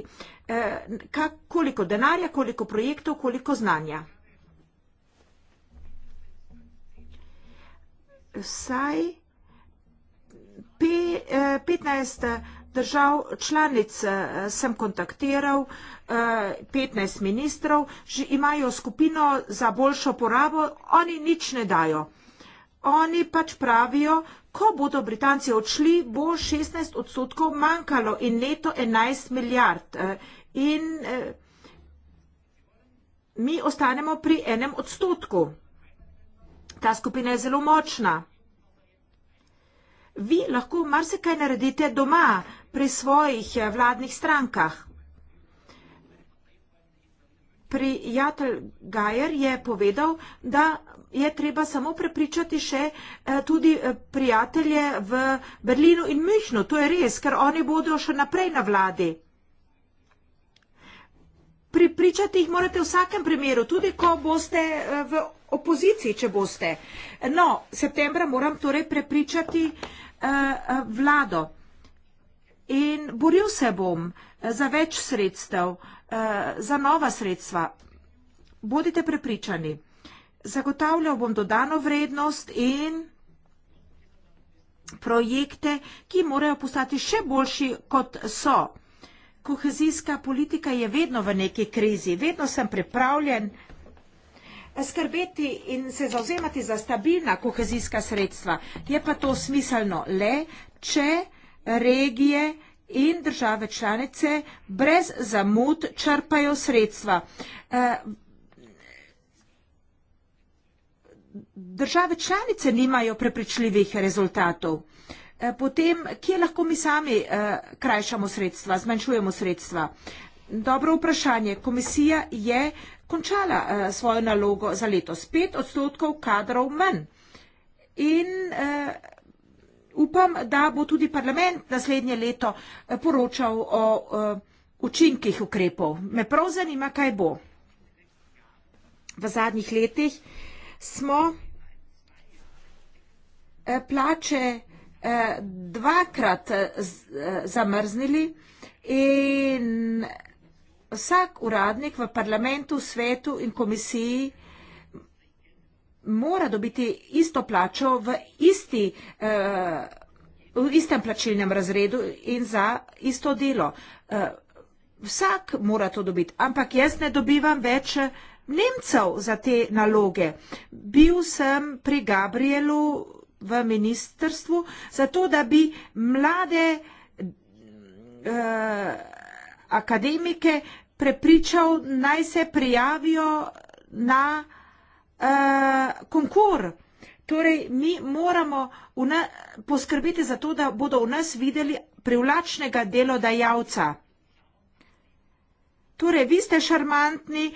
Koliko denarja, koliko projektov, koliko znanja. vsaj 15 eh, držav članic eh, sem kontaktiral, 15 eh, ministrov, že imajo skupino za boljšo porabo, oni nič ne dajo. Oni pač pravijo, ko bodo Britanci odšli, bo 16 odstotkov manjkalo in neto 11 milijard. In mi ostanemo pri enem odstotku. Ta skupina je zelo močna. Vi lahko marsikaj naredite doma pri svojih eh, vladnih strankah. Prijatelj Gajer je povedal, da je treba samo prepričati še eh, tudi eh, prijatelje v Berlinu in Mihnu. To je res, ker oni bodo še naprej na vladi. Pripričati jih morate v vsakem primeru, tudi ko boste v opoziciji, če boste. No, septembra moram torej prepričati eh, eh, vlado. In boril se bom eh, za več sredstev, za nova sredstva. Bodite prepričani. Zagotavljal bom dodano vrednost in projekte, ki morajo postati še boljši, kot so. Kohezijska politika je vedno v neki krizi. Vedno sem pripravljen skrbeti in se zauzemati za stabilna kohezijska sredstva. Je pa to smiselno le, če regije in države članice brez zamud črpajo sredstva. Eh, države članice nimajo prepričljivih rezultatov. Eh, potem, kje lahko mi sami eh, krajšamo sredstva, zmanjšujemo sredstva? Dobro vprašanje. Komisija je končala uh, svojo nalogo za letos. 5 odstotkov kadrov manj. In uh, upam, da bo tudi parlament naslednje leto eh, poročal o uh, učinkih ukrepov. Me prav zanima, kaj bo. V zadnjih letih smo plače dvakrat zamrznili in vsak uradnik v parlamentu, svetu in komisiji mora dobiti isto plačo v, isti, eh, v istem plačilnem razredu in za isto delo. Eh, vsak mora to dobiti, ampak jaz ne dobivam več Nemcev za te naloge. Bil sem pri Gabrielu v ministrstvu, zato da bi mlade eh, akademike prepričal, naj se prijavijo na uh, konkur. Torej, mi moramo na, poskrbeti za to, da bodo v nas videli privlačnega delodajalca. Torej, vi ste šarmantni,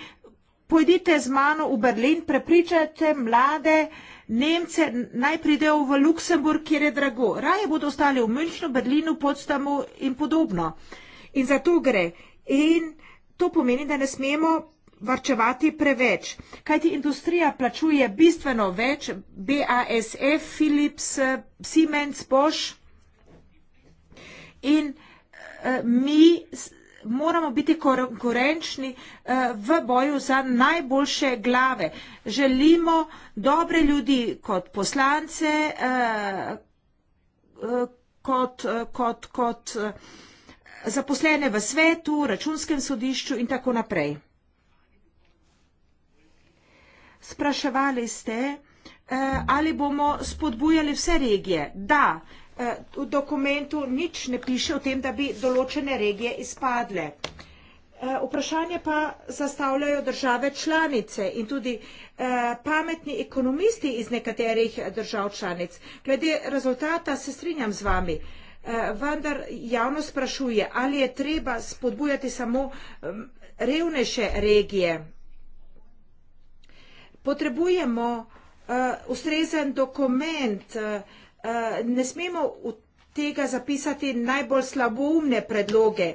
pojdite z mano v Berlin, prepričajte mlade Nemce, naj pridejo v Luksemburg, kjer je drago. Raje bodo ostali v Münchnu, Berlinu, Potsdamu in podobno. Uh, In za to gre. In to pomeni, da ne smemo varčevati preveč. Kajti industrija plačuje bistveno več, BASF, Philips, Siemens, Bosch. In eh, mi moramo biti konkurenčni eh, v boju za najboljše glave. Želimo dobre ljudi kot poslance, eh, kot, kot, kot, kot zaposlene v svetu, računskem sodišču in tako naprej. Spraševali ste, eh, ali bomo spodbujali vse regije. Da, eh, v dokumentu nič ne piše o tem, da bi določene regije izpadle. Eh, vprašanje pa zastavljajo države članice in tudi pametni ekonomisti iz nekaterih držav članic. Glede rezultata se strinjam z vami. Eh, vendar javnost sprašuje, ali je treba spodbujati samo revnejše regije. Potrebujemo eh, ustrezen dokument, eh, ne smemo od tega zapisati najbolj slaboumne predloge.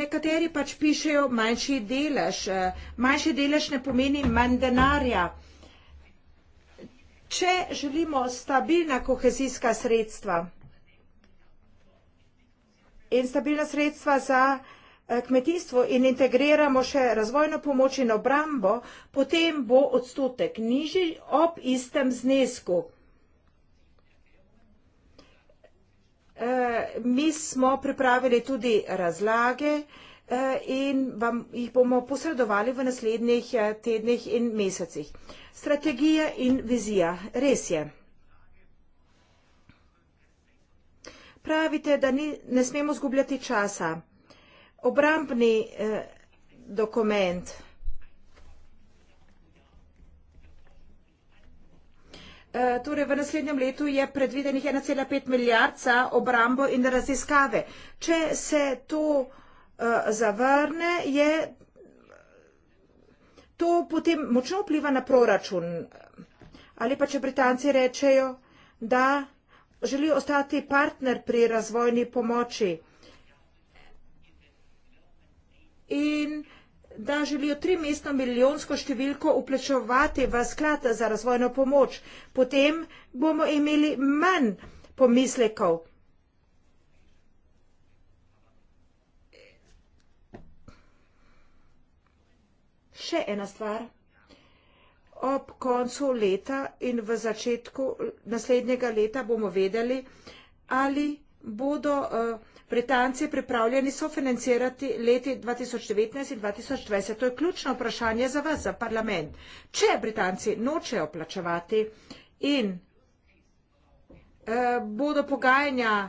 Nekateri pač pišejo manjši delež. Manjši delež ne pomeni manj denarja. Če želimo stabilna kohezijska sredstva, in stabilna sredstva za eh, kmetijstvo in integriramo še razvojno pomoč in obrambo, potem bo odstotek nižji ob istem znesku. Eh, mi smo pripravili tudi razlage eh, in vam jih bomo posredovali v naslednjih tednih in mesecih. Strategija in vizija. Res je. pravite, da ni, ne smemo zgubljati časa. Obrambni eh, dokument. Uh, torej, v naslednjem letu je predvidenih 1,5 milijard za obrambo in raziskave. Če se to uh, zavrne, je to potem močno vpliva na proračun. Ali pa če Britanci rečejo, da želi ostati partner pri razvojni pomoči in da želijo trimestno milijonsko številko vplečevati v sklad za razvojno pomoč. Potem bomo imeli manj pomislekov. Še ena stvar ob koncu leta in v začetku naslednjega leta bomo vedeli, ali bodo eh, Britanci pripravljeni sofinancirati leti 2019 in 2020. To je ključno vprašanje za vas, za parlament. Če Britanci nočejo plačevati in eh, bodo pogajanja eh,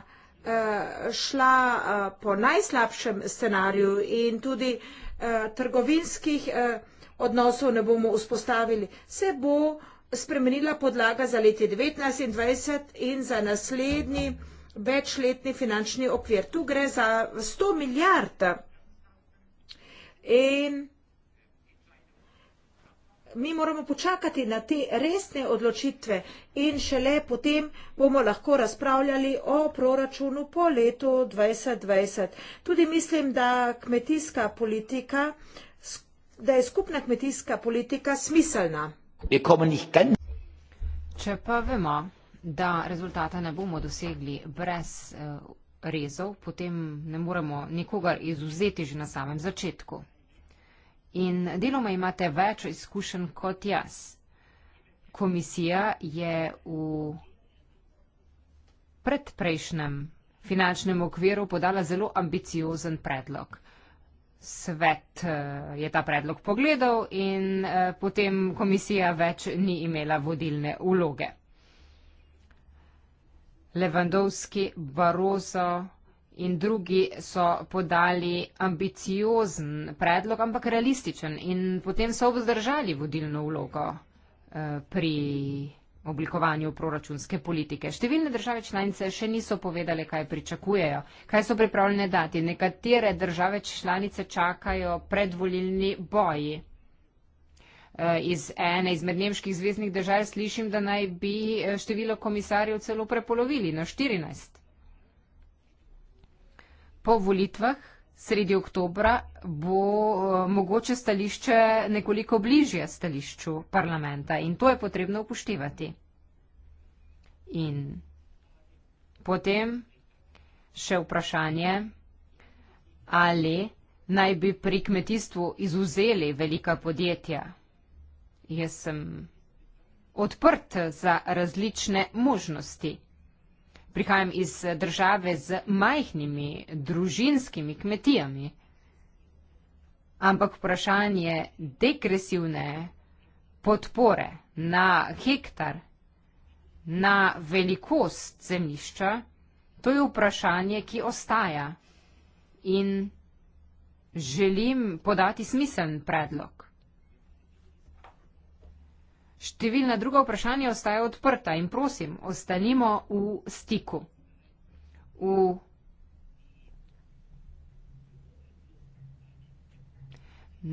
šla po najslabšem scenariju in tudi trgovinskih vprašanj, odnosov ne bomo vzpostavili, se bo spremenila podlaga za leti 19 in 20 in za naslednji večletni finančni okvir. Tu gre za 100 milijard in Mi moramo počakati na te resne odločitve in šele potem bomo lahko razpravljali o proračunu po letu 2020. Tudi mislim, da kmetijska politika da je skupna kmetijska politika smiselna. Če pa vemo, da rezultata ne bomo dosegli brez eh, rezov, potem ne moremo nikogar izuzeti že na samem začetku. In deloma imate več izkušenj kot jaz. Komisija je v predprejšnjem finančnem okviru podala zelo ambiciozen predlog svet eh, je ta predlog pogledal in eh, potem komisija več ni imela vodilne vloge. Levandovski, Barozo in drugi so podali ambiciozen predlog, ampak realističen in potem so obzdržali vodilno vlogo eh, pri oblikovanju proračunske politike. Številne države članice še niso povedale, kaj pričakujejo, kaj so pripravljene dati. Nekatere države članice čakajo predvolilni boji. E, iz ene izmed nemških zvezdnih držav slišim, da naj bi e, število komisarjev celo prepolovili na 14. Po volitvah sredi oktobra bo eh, mogoče stališče nekoliko bližje stališču parlamenta in to je potrebno upoštevati. In potem še vprašanje, ali naj bi pri kmetijstvu izuzeli velika podjetja. Jaz sem odprt za različne možnosti. Prihajam iz države z majhnimi družinskimi kmetijami. Ampak vprašanje degresivne podpore na hektar, na velikost zemljišča, to je vprašanje, ki ostaja. In želim podati smiseln predlog. Številna druga vprašanja ostajajo odprta in prosim, ostanimo v stiku. V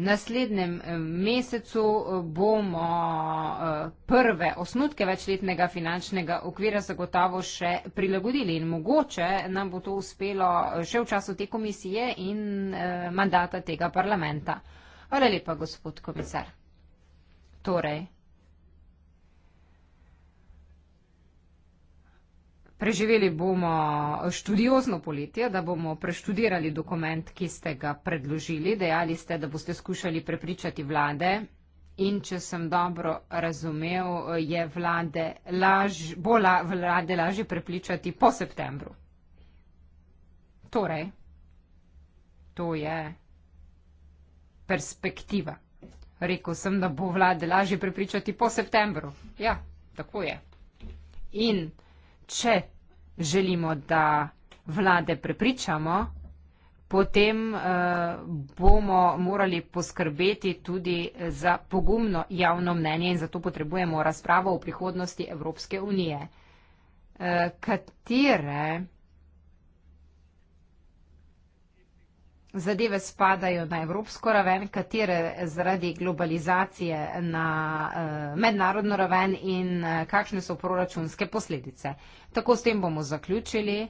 naslednjem eh, mesecu eh, bomo eh, prve osnutke večletnega finančnega okvira zagotavo še prilagodili in mogoče nam bo to uspelo še v času te komisije in mandata tega parlamenta. Hvala lepa, gospod komisar. Torej, Preživeli bomo študiozno poletje, da bomo preštudirali dokument, ki ste ga predložili. Dejali ste, da boste skušali prepričati vlade. In če sem dobro razumel, je vlade laž, bo la, vlade lažje prepričati po septembru. Torej, to je perspektiva. Rekl sem, da bo vlade lažje prepričati po septembru. Ja, tako je. In če želimo, da vlade prepričamo, potem eh, bomo morali poskrbeti tudi za pogumno javno mnenje in zato potrebujemo razpravo o prihodnosti Evropske unije. Eh, katere zadeve spadajo na evropsko raven, katere zaradi globalizacije na uh, mednarodno raven in uh, kakšne so proračunske posledice. Tako s tem bomo zaključili.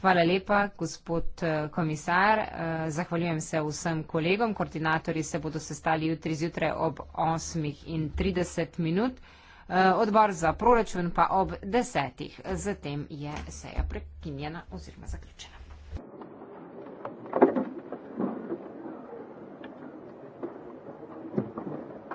Hvala lepa, gospod eh, komisar. Zahvaljujem se vsem kolegom. Koordinatori se bodo sestali jutri zjutraj ob 8.30 minut. Odbor za proračun pa ob 10.00. Zatem je seja prekinjena oziroma zaključena.